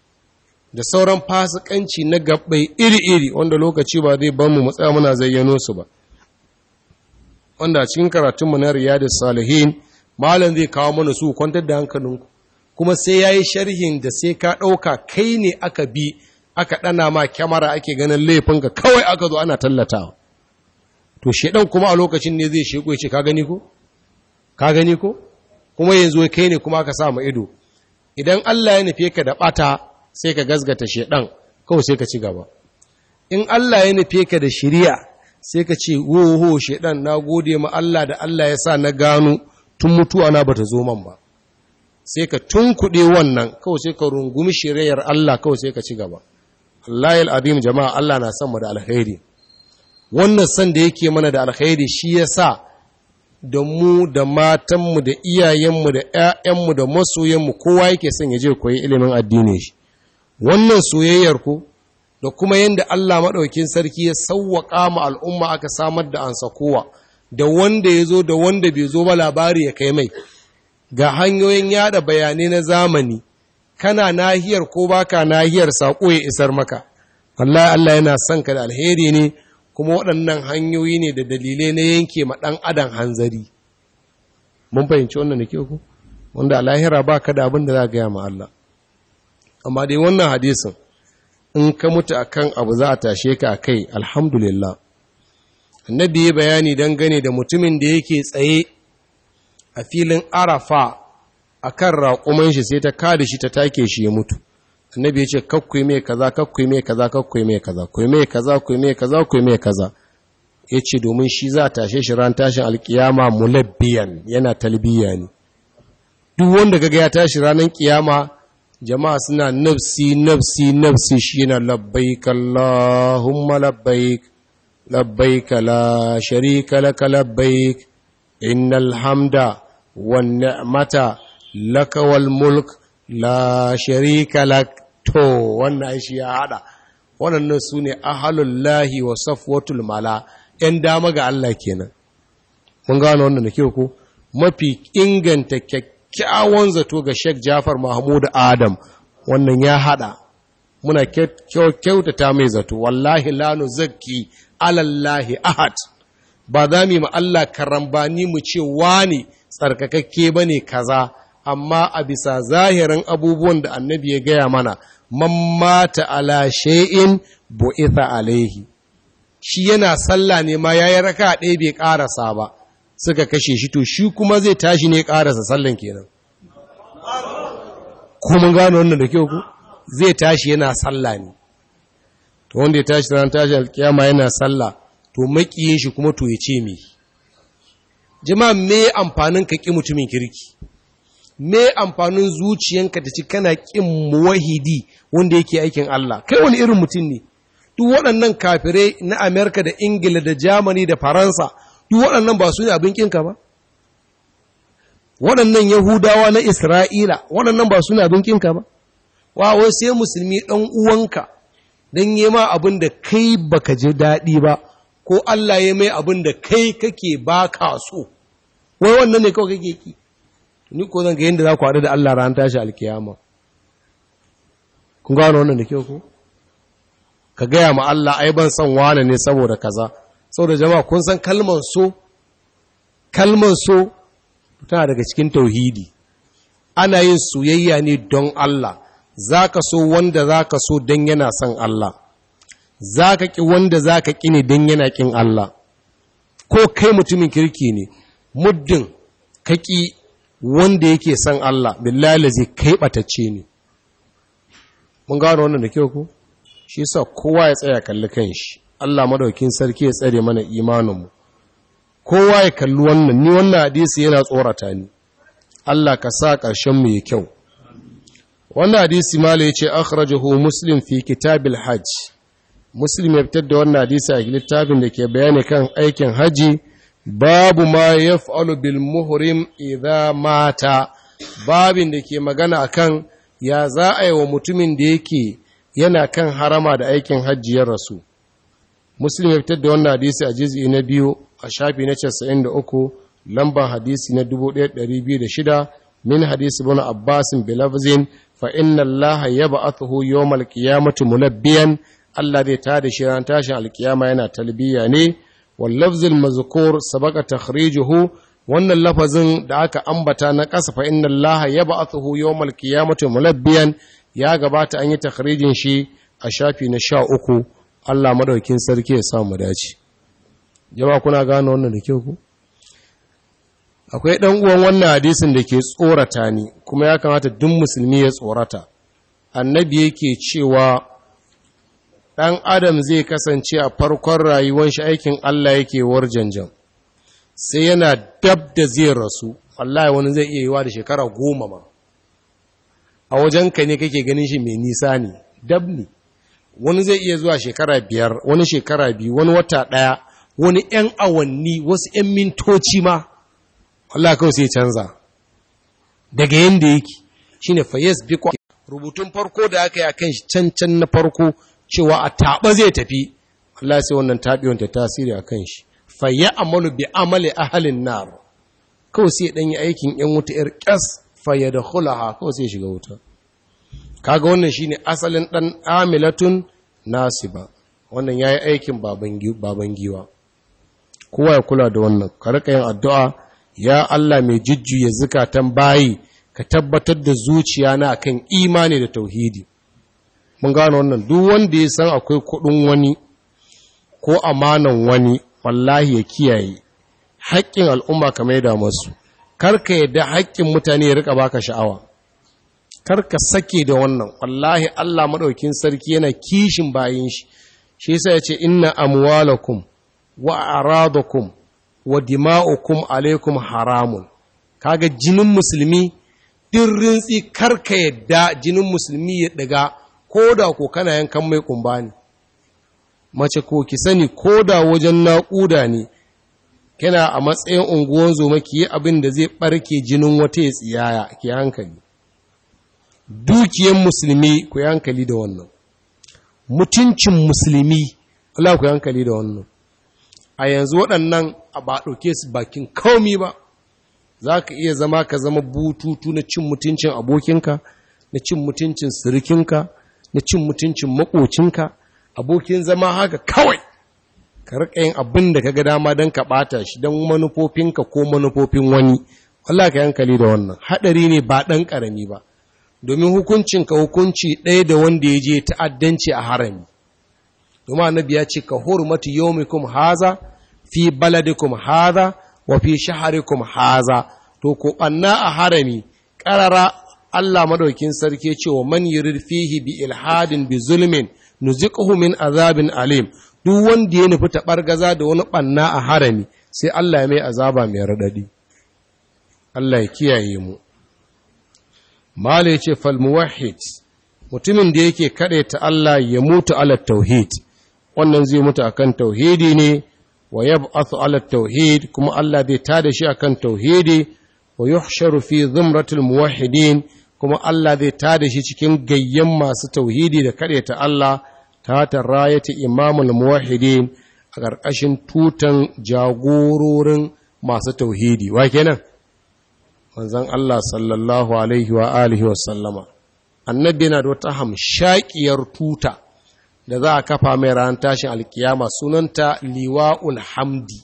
da sauran fasikanci na gabbai iri-iri wanda lokaci ba zai ban mu matsaya muna zayyano su ba wanda cikin karatunmu na da salihin malam zai kawo mana su kwantar da hankalinku kuma sai ya yi sharhin da sai ka ɗauka kai ne aka bi aka ɗana ma kyamara ake ganin laifinka kawai aka zo ana tallatawa to shedan kuma a lokacin ne zai sheko ce ka gani ko ka gani ko kuma yanzu kai ne kuma aka sa ma ido idan Allah ya nufe ka da ɓata sai ka gazgata shedan kawai sai ka ci gaba in Allah ya nufe ka da shirya sai ka ce ho, shedan na gode ma Allah da Allah ya sa na gano tun mutuwa na bata zo man ba sai ka tunkuɗe wannan kawai sai ka rungumi shiriyar Allah kawai sai ka ci gaba Allah al’adim jama'a Allah na san mu da alkhairi wannan san da yake mana da alkhairi shi ya sa da mu da matanmu da iyayenmu da ƴaƴanmu da masoyanmu kowa yake son ya je koyi ilimin addini shi wannan soyayyar ku da kuma yadda Allah maɗaukin sarki ya sauwaƙa ma al'umma aka samar da ansa kowa da wanda ya zo da wanda bai zo ba labari ya kai mai ga hanyoyin yada bayanai na zamani kana nahiyar ko baka nahiyar saƙo ya isar maka wallahi Allah yana son ka da alheri ne kuma waɗannan hanyoyi ne da dalilai na yanke ma ɗan adam hanzari mun fahimci wannan da ke ku wanda a ba ka da abin da za ga gaya ma Allah amma dai wannan hadisin in ka mutu akan abu za a tashe ka kai alhamdulillah annabi ya bayani dangane da mutumin da yake tsaye a filin arafa a kan raƙuman shi sai ta kada shi ta take shi ya mutu annabi ya ce kakkwai mai kaza kakkwai mai kaza kakkwai mai kaza kwai mai kaza kwai mai kaza kwai mai kaza ya ce domin shi za a tashe shi ran tashin alkiyama mulabbiyan yana talbiya ne duk wanda gaga ya tashi ranar kiyama jama'a suna nafsi nafsi nafsi shi yana labbaik Allahumma labbai labbaik la kala laka labbaik inna alhamda wan ni'mata lakawal mulk la sharika lak to wannan shi ya hada waɗannan su ne lahi wa safwatul mala ‘yan dama ga Allah kenan. Mun gano wannan da ko? Mafi inganta kyakkyawan zato ga Sheikh Jafar Mahmud Adam wannan ya haɗa. Muna kyautata mai zato, wallahi lanu zaki alallahi ahad. Ba za mu yi ma Allah karambani mu ce wani tsarkakakke bane kaza, amma a bisa zahirin abubuwan da annabi ya gaya mana mamma ta ala shay'in bu’ita alaihi shi yana sallah ne ma ya yi raka ɗaya bai ƙarasa ba suka kashe shi to shi kuma zai tashi ne ƙarasa sallan kenan kuma gano wannan da kyau ku zai tashi yana sallah ne to wanda ya tashi ran tashi alkiyama yana sallah to makiyin shi kuma to ya ce me jama'a me amfanin ka ƙi mutumin kirki me amfanin zuciyanka da ci kana kin muwahidi wanda yake aikin Allah kai wani irin mutum ne duk waɗannan kafirai na Amerika da Ingila da Jamani da Faransa duk waɗannan ba su ne abin ƙinka ba waɗannan Yahudawa na Isra'ila waɗannan ba su ne abin ƙinka ba wa sai musulmi ɗan uwanka don yi ma abin da kai baka je daɗi ba ko Allah ya mai abin da kai kake baka so wai wannan ne kawai kake ki ni ko zan ga yadda za ku haɗu da Allah ran tashi alkiyama kun gano wannan da kyau ko ka gaya ma Allah ai ban san wane ne saboda kaza saboda jama'a kun san kalmar so kalmar so tana daga cikin tauhidi ana yin soyayya ne don Allah zaka so wanda zaka so don yana son Allah zaka ki wanda zaka ki ne don yana kin Allah ko kai mutumin kirki ne muddin ka ki wanda yake son Allah billahi zai kai batacce ne mun gano wannan da kyau ko shi yasa kowa ya tsaya kalli kanshi Allah madaukin sarki ya tsare mana imaninmu kowa ya kalli wannan ni wannan hadisi yana tsorata ni Allah ka sa ƙarshen mu ya kyau wannan hadisi mala ya ce akhrajahu muslim fi kitabil hajj muslim ya fitar da wannan hadisi a littafin da ke bayani kan aikin haji babu ma ya bil muhrim idza mata babin da ke magana akan ya za a yi wa mutumin da yake yana kan harama da aikin hajjiyar rasu muslim ya fitar da wannan hadisi a jizi na biyu a shafi na 93 lambar hadisi na 1206 min hadisi bin abbas bilafzin fa inna allaha yab'athuhu yawm al-qiyamati mulabbiyan Allah zai tada shi ran tashin alkiyama yana talbiya ne wallafzil mazkur sabaqa takhrijuhu wannan lafazin da aka ambata na ƙasa fa inna allaha yab'athuhu yawmal qiyamati mulabbiyan ya gabata an yi takhrijin shi a shafi na sha uku Allah madaukin sarki ya samu dace jama'a kuna gane wannan da kyau ku akwai dan uwan wannan hadisin da ke tsorata ni kuma ya kamata duk musulmi ya tsorata annabi yake cewa ɗan adam zai kasance a farkon rayuwar shi aikin Allah yake warjanjan sai yana dab da zai rasu wallahi wani zai iya yiwa da shekara goma ma a wajenka ne kake ganin shi mai nisa ne dab ne wani zai iya zuwa shekara biyar wani shekara biyu wani wata ɗaya wani 'yan awanni wasu 'yan mintoci ma Allah kawai sai canza daga yadda yake shine fayes biko rubutun farko da aka yi a kan shi cancan na farko cewa a taɓa zai tafi Allah sai wannan taɓiyon ta tasiri a kan shi fayya amalu bi amali halin nar kawai sai ɗan aikin ‘yan wuta ‘yar ƙas fayya da hulaha kawai sai shiga wuta kaga wannan shi ne asalin ɗan amilatun nasiba wannan ya yi aikin baban giwa kowa ya kula da wannan ka karka yin addu'a ya Allah mai jujjuya zukatan bayi ka tabbatar da zuciya na kan imani da tauhidi mun gano wannan duk wanda ya san akwai kudin wani ko amanan wani wallahi ya kiyaye haƙƙin al'umma ka maida masu karka yadda haƙƙin mutane ya rika baka sha'awa karka sake da wannan wallahi Allah maɗaukin sarki yana kishin bayin shi shi yasa yace inna amwalakum wa aradakum wa dima'ukum alaikum haramun kaga jinin musulmi din rintsi karka yadda jinin musulmi ya daga ko da ko kana yankan mai kumba ne mace ko ki sani ko da wajen naƙuda ne kina a matsayin unguwan zoma ki yi abin da zai ɓarke jinin wata ya tsiyaya ki hankali dukiyan musulmi ku hankali da wannan mutuncin musulmi Allah ku hankali da wannan a yanzu waɗannan a ba ɗauke su bakin kaumi ba za ka iya zama ka zama bututu na cin mutuncin abokinka na cin mutuncin sirikinka na cin mutuncin makocinka abokin zama haka kawai ka rika yin abin da ka ga dama don ka ɓata shi don manufofinka ko manufofin wani Allah ka yankali da wannan haɗari ne ba ɗan karami ba domin hukuncinka hukunci ɗaya da wanda ya je ta'addanci a harami domin annabi ya ce ka hurmatu yawmikum haza fi baladi baladikum haza wa fi shaharikum haza to ko ɓanna a harami ƙarara Allah madaukin sarki cewa man yurid bi ilhadin bi zulmin nuziquhu min azabin alim duk wanda ya nufi tabargaza da wani banna a harami sai Allah ya mai azaba mai radadi Allah ya kiyaye mu mala yace fal muwahhid mutumin da yake ta Allah ya mutu ala tauhid wannan zai mutu akan tauhidi ne wa yab'athu ala tauhid kuma Allah zai tada shi akan tauhidi wa yuhsharu fi zumratil muwahhidin kuma Allah zai ta da shi cikin gayyen masu tauhidi da ta Allah ta ta imamul muwahidi, a ƙarƙashin tutan jagororin masu tauhidi wa nan, manzon Allah sallallahu alaihi wa alihi wa sallama annabi yana da wata hamshakiyar tuta da za a kafa mai ranar tashin alkiyama sunanta liwa'ul hamdi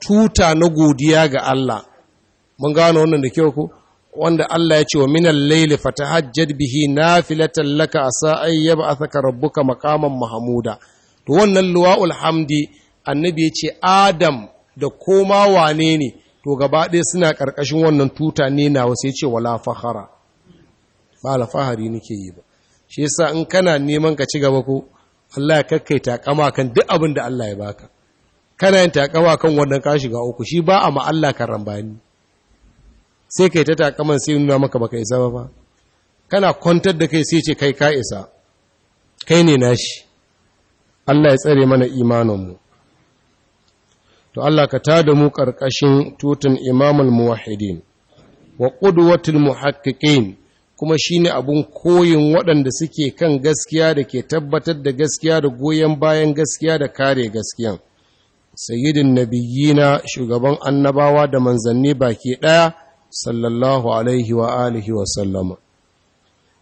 tuta na godiya ga Allah mun gano wannan da kyau ko wanda Allah ya ce wa minal laili fatahajjad bihi nafilatan laka asa ay yab'athaka rabbuka maqaman mahmuda to wannan luwa'ul hamdi annabi ya ce adam da koma wane ne to gaba ɗaya suna ƙarƙashin wannan tuta ne na wasu ya ce wala fahara ba la fahari nake yi ba shi yasa in kana neman ka ci gaba ko Allah ya kakkai takama kan duk abin da Allah ya baka kana yin takama kan wannan ka shiga uku shi ba a ma Allah karambani sai kai ta takaman sai nuna maka baka isa ba ba kana kwantar da kai sai ce kai ka isa kai ne nashi Allah ya tsare mana imaninmu to Allah ka tada mu karkashin tutun imamul muwahhidin wa qudwatul muhaqqiqin kuma shine abun koyin waɗanda suke kan gaskiya da ke tabbatar da gaskiya da goyen bayan gaskiya da kare gaskiyan sayyidin nabiyina shugaban annabawa da manzanni baki ɗaya sallallahu alaihi wa alihi wa sallama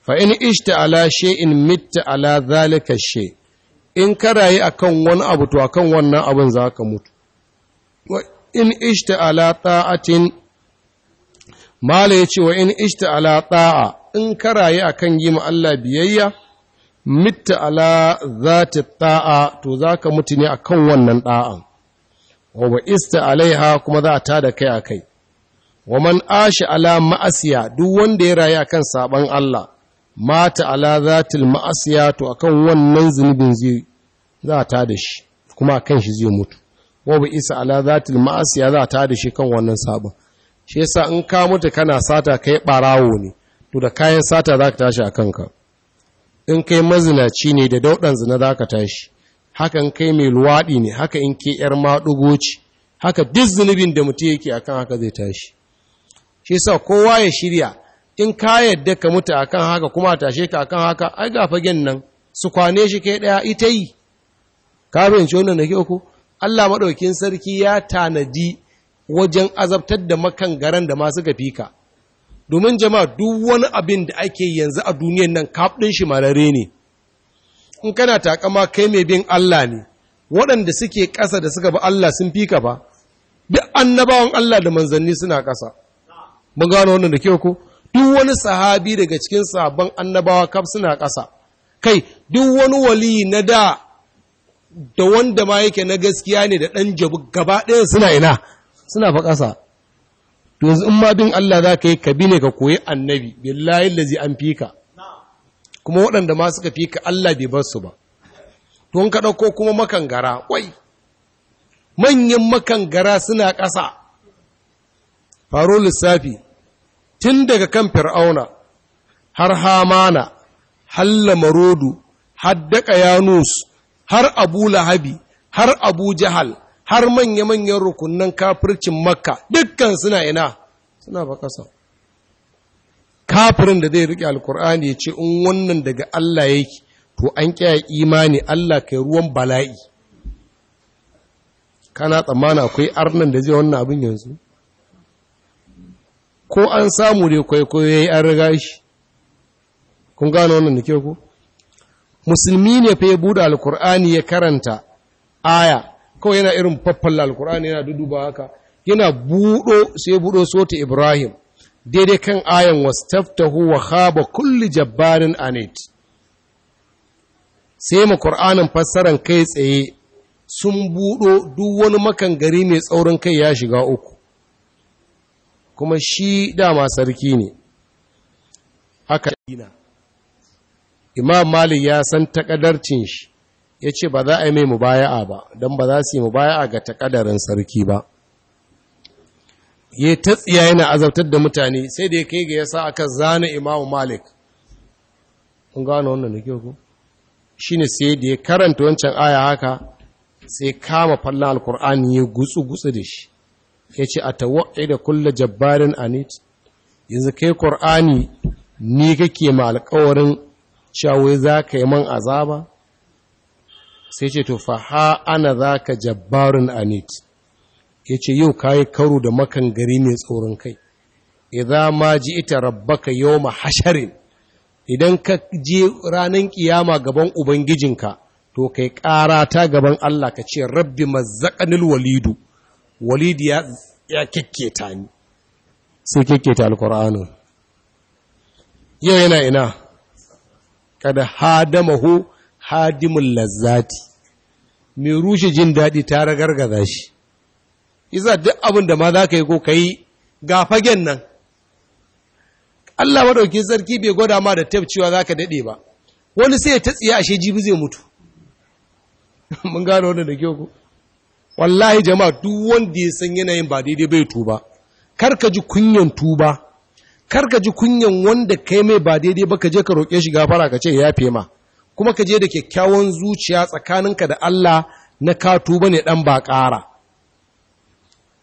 fa in ishta ala shay'in mitta ala zalika shay in ka rayu akan wani abu to akan wannan abin zaka mutu wa in ishta ala ta'atin mala yace wa in ishta ala ta'a in ka rayu akan yi ma Allah biyayya mitta ala zati ta'a to zaka mutu ne akan wannan da'a. wa ista alaiha kuma za ta da kai akai wa man ashi ala ma'asiya duk wanda ya rayu akan saban Allah mata ala zatil ma'asiya to akan wannan zunubin zai za ta da shi kuma akan shi zai mutu wa bi isa ala zatil ma'asiya za ta da shi kan wannan sabon shi yasa in ka mutu kana sata kai barawo ne to da kayan sata za ka tashi a kanka in kai mazinaci ne da daudan zina za ka tashi haka kai mai luwaɗi ne haka in ke ‘yar madugoci haka duk zunubin da mutum yake akan haka zai tashi shi sa kowa ya shirya in ka yadda ka mutu akan haka kuma tashe ka akan haka ai ga fagen nan su kwane shi kai ɗaya ita yi ka bince wannan da uku Allah maɗaukin sarki ya tanadi wajen azabtar da makan garan da masu gafi ka domin jama'a duk wani abin da ake yanzu a duniyan nan ɗin shi marare ne in kana takama kai mai bin Allah ne waɗanda suke ƙasa da suka bi Allah sun fi ka ba duk annabawan Allah da manzanni suna ƙasa mun gano wannan da kyau ko duk wani sahabi daga cikin sabon annabawa kaf suna ƙasa kai duk wani wali na da da wanda ma yake na gaskiya ne da ɗan jabu gaba ɗaya suna ina suna fa ƙasa to yanzu in ma bin Allah za ka yi ka bi ne ka koyi annabi billahi lazi an fi ka kuma waɗanda ma suka fi ka Allah bai bar su ba to in ka ɗauko kuma makangara wai manyan makangara suna ƙasa faro lissafi tun daga kan fir'auna har hamana halla marodu haddaka yanus har abu lahabi har abu jahal har manya-manyan rukunan kafircin makka dukkan suna ina suna ba kasa kafirin da zai riƙe alkur'ani ya ce in wannan daga allah yake to an ƙya imani allah kai ruwan bala'i kana tsammana akwai arnan da zai wannan abin yanzu ko an samu da kwaikwayo ya yi an riga shi kun gano wannan da ke ku musulmi ne fa ya buɗe alkur'ani ya karanta aya kawai yana irin faffalla alkur'ani yana duduba haka yana buɗo sai buɗo sota ibrahim daidai kan ayan wastaftahu wa khaba kulli jabbarin anit sai mu qur'anin fassaran kai tsaye sun buɗo duk wani makan gari mai tsaurin kai ya shiga uku kuma shi dama sarki ne haka dina imam malik ya san takadarcin shi ya ce ba za a yi mai mubaya'a ba don ba za su yi mubaya'a ga takadarin sarki ba ya ta tsiya yana azabtar da mutane sai da ya kai ga yasa aka zana Imam malik kun gano wannan da ku shi ne sai da ya karanta wancan aya haka sai kama fallon alkur'ani ya gutsu-gutsu da shi ya ce a tawaƙi da kulle jabbarin anit yanzu kai ƙor'ani ni kake ma alƙawarin shawai za ka yi man azaba sai ce to fa ha ana za ka jabbarin anit ya ce yau ka yi karo da makan gari mai tsoron kai idza ma ji ita rabbaka yawma hasharin idan ka je ranar kiyama gaban ubangijinka to kai ƙara ta gaban Allah ka ce rabbi mazzaqanil walidu walidi ya kekketa ni sai kekketa alkur'anu yau yana ina kada hadamahu Hadimun lazzati mai rushe jin daɗi ta gargaza shi isa duk abin da ma za ka yi ko ka yi ga fagen nan Allah maɗauki sarki bai gwada ma da tab cewa za ka daɗe ba wani sai ta tsiya ashe jibi zai mutu mun gano wannan da kyau ko wallahi jama'a duk wanda ya san yanayin ba daidai bai tuba kar ka ji kunyan tuba kar ka ji kunyan wanda kai mai ba daidai ba ka je ka roƙe shi gafara ka ce ya fi ma kuma ka je da kyakkyawan zuciya tsakaninka da Allah na ka tuba ne dan ba ƙara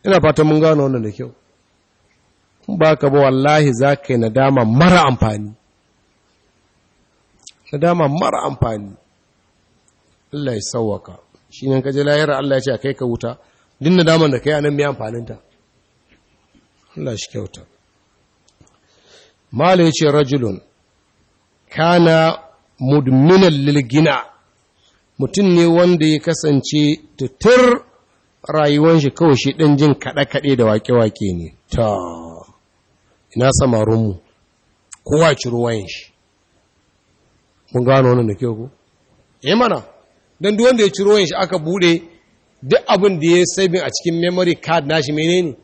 ina fatan mun gano wannan da kyau kun ba ka ba wallahi za ka yi nadama mara amfani nadama mara amfani Allah ya sauwaka shi nan ka je Allah ya ce a kai ka wuta duk damar da kai a nan mai amfaninta Allah shi kyauta mala ya ce rajulun kana mudminan lilgina mutum ne wanda ya kasance tutur rayuwan shi kawai shi ɗan jin kaɗe-kaɗe da wake-wake ne ta ina samarinmu kowa ci ruwayen shi mun gano wannan da kyau ku? yi eh mana don duk wanda ya ciro yin shi aka bude duk abin da ya saibin a cikin memory card nashi menene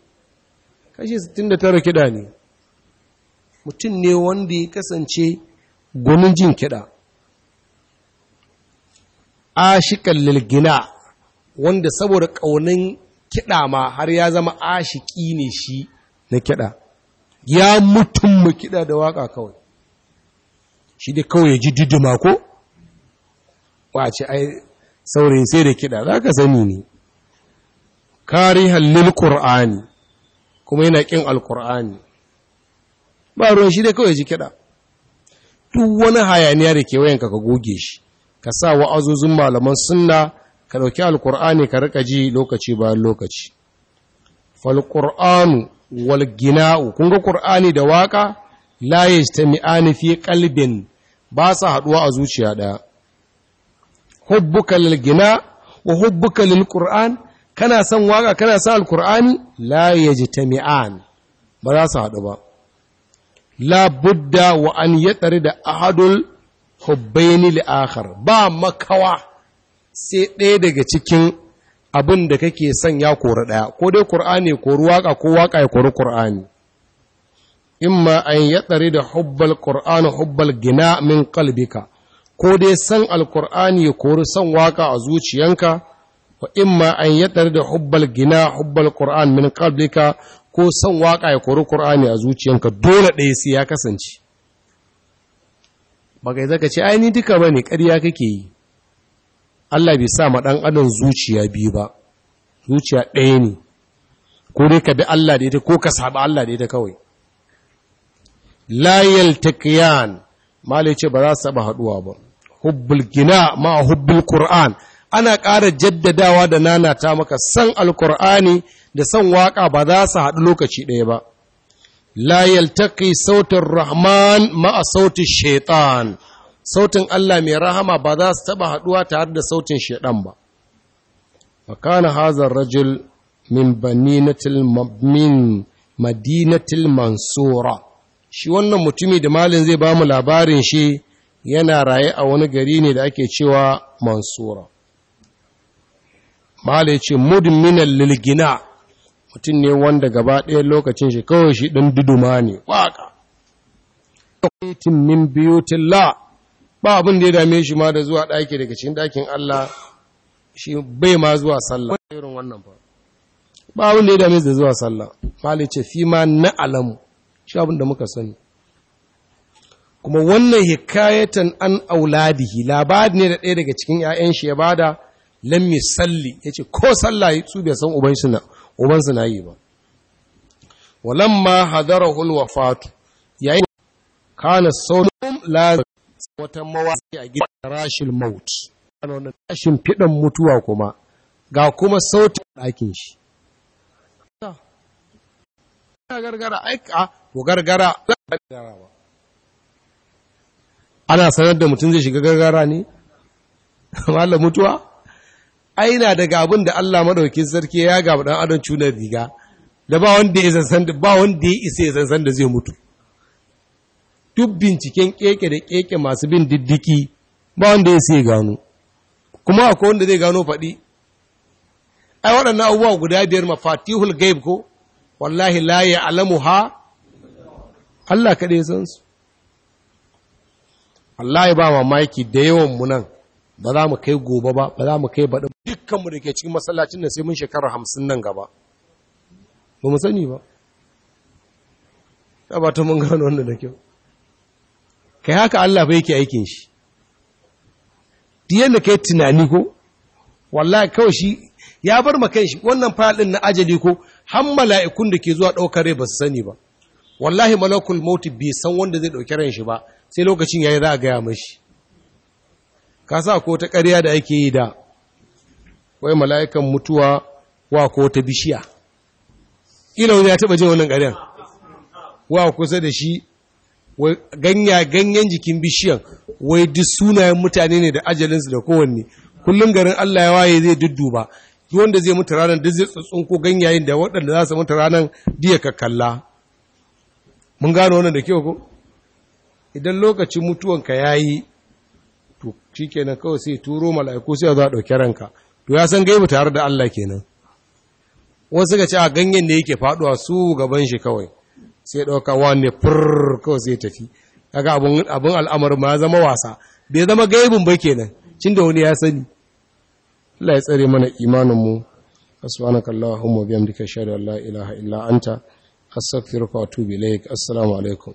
kashi 69 kiɗa ne mutum ne wanda ya kasance gwanin jin kiɗa ashikan gina wanda saboda ƙaunin kiɗa ma har ya zama ashiki ne shi na kiɗa ya mutum mu kiɗa da waka kawai shi dai kawai ya ji duduma ko kwace ai saurin sai da kiɗa za ka sani ne kari hallil ƙur'ani kuma yana ƙin alƙur'ani ba ruwan shi dai kawai ji kiɗa duk wani hayaniya da ke wayanka ka goge shi ka sa wa'azozin malaman sunna ka ɗauki alƙur'ani ka rika ji lokaci bayan lokaci falƙur'anu wal gina'u kun ga ƙur'ani da waƙa la yajtami'ani fi qalbin ba sa haɗuwa a zuciya ɗaya hubbuka lil gina wa hubbuka lil qur'an kana son waka kana son alqur'ani la yajtami'an ba za su haɗu ba la budda wa an yatsari da ahadul hubbaini li akhar ba makawa sai ɗaya daga cikin abin da kake son ya kori ɗaya ko dai qur'ani ko waka ko waka ya kori qur'ani imma an yatsari da hubbal qur'ani hubbal gina min qalbika ko dai san alkur'ani ya kori san waka a zuciyanka wa ma an yadar da hubbal gina hubbal qur'an min qablika ko san waka ya kori qur'ani a zuciyanka dole ɗaya sai ya kasance Ba yi zaka ce ai ni duka bane ƙarya kake yi Allah bai sa ma dan adam zuciya biyu ba zuciya ɗaya ne ko dai ka bi Allah da ita ko ka saba Allah da ita kawai la yaltaqiyan mala ce ba za su taba haduwa ba hubbul gina ma hubbul qur'an ana ƙara jaddadawa da nana ta maka san alkur'ani da san waƙa ba za su haɗu lokaci ɗaya ba la yaltaqi sautin rahman a sautin shaitan sautin Allah mai rahama ba za su taɓa haɗuwa tare da sautin shaitan ba kana hazar rajul min baninatil min madinatil mansura shi wannan mutumi da malin zai ba mu labarin shi yana raye a wani gari ne da ake cewa mansura malin ce mudminan lilgina mutum ne wanda gaba ɗaya lokacin shi kawai shi ɗin duduma ne waka ƙwaitin min biyotilla ba abin da ya dame shi ma da zuwa ɗaki daga cikin ɗakin Allah shi bai ma zuwa sallah ba ba abin da ya dame shi da zuwa sallah malin ce fi ma na alamu shi abin da muka sani kuma wannan hikayatan an auladihi labari ne da ɗaya daga cikin 'ya'yan shi ya bada lammi salli yace ko sallah su bai san uban na ba. su ma yi ba fatu. hadarahul yayi yayin kana saunin la wata mawasi a gidan rashil maut rashin fiɗan mutuwa kuma ga kuma sautin ɗakin shi gargara aika ko gargara ana sanar da mutum zai shiga gargara ne malam mutuwa aina daga abin da Allah madaukakin sarki ya ga dan adam cunar riga da ba wanda ya san ba wanda ya isa ya san da zai mutu duk binciken keke da keke masu bin diddiki ba wanda ya sai gano kuma akwai wanda zai gano faɗi ai waɗannan abubuwa guda biyar mafatihul gaib ko wallahi la ya alamu ha Allah kaɗai san su Allah ya ba mamaki da yawan mu nan ba za mu kai gobe ba ba za mu kai baɗi dukkanmu da ke cikin masallacin da sai mun shekarar hamsin nan gaba ba mu sani ba ta ba ta mun gano wanda da kyau kai haka Allah bai yake aikin shi diyan da kai tunani ko wallahi kawai shi ya bar ma shi. wannan fadin na ajali ko har mala'ikun da ke zuwa ɗaukar rai ba su sani ba wallahi malakul mauti bai san wanda zai ɗauki ran shi ba sai lokacin ya yi za a gaya mashi ka sa ko ta ƙarya da ake yi da wai mala'ikan mutuwa wa ko ta bishiya ilo ya taɓa jin wannan ƙaryan wa kusa da shi ganya ganyen jikin bishiyan wai duk sunayen mutane ne da ajalinsu da kowanne kullum garin Allah ya waye zai dudduba duk wanda zai mutu ranar duk zai ko ganyayen da waɗanda za su mutu ranar diya ka kalla mun gano wannan da kyau ko idan lokacin mutuwanka ya yi to shi kenan kawai sai turo mala'iku sai za a ɗauki ranka to ya san gaibu tare da Allah kenan wasu suka ce ganyen da yake faɗuwa su gaban shi kawai sai ɗauka wani fur kawai sai tafi kaga abin al'amar ma ya zama wasa bai zama gaibin ba kenan cin wani ya sani Allah ya tsare mana imaninmu subhanaka allahumma bihamdika duka an la ilaha illa anta astaghfiruka wa atubu assalamu alaikum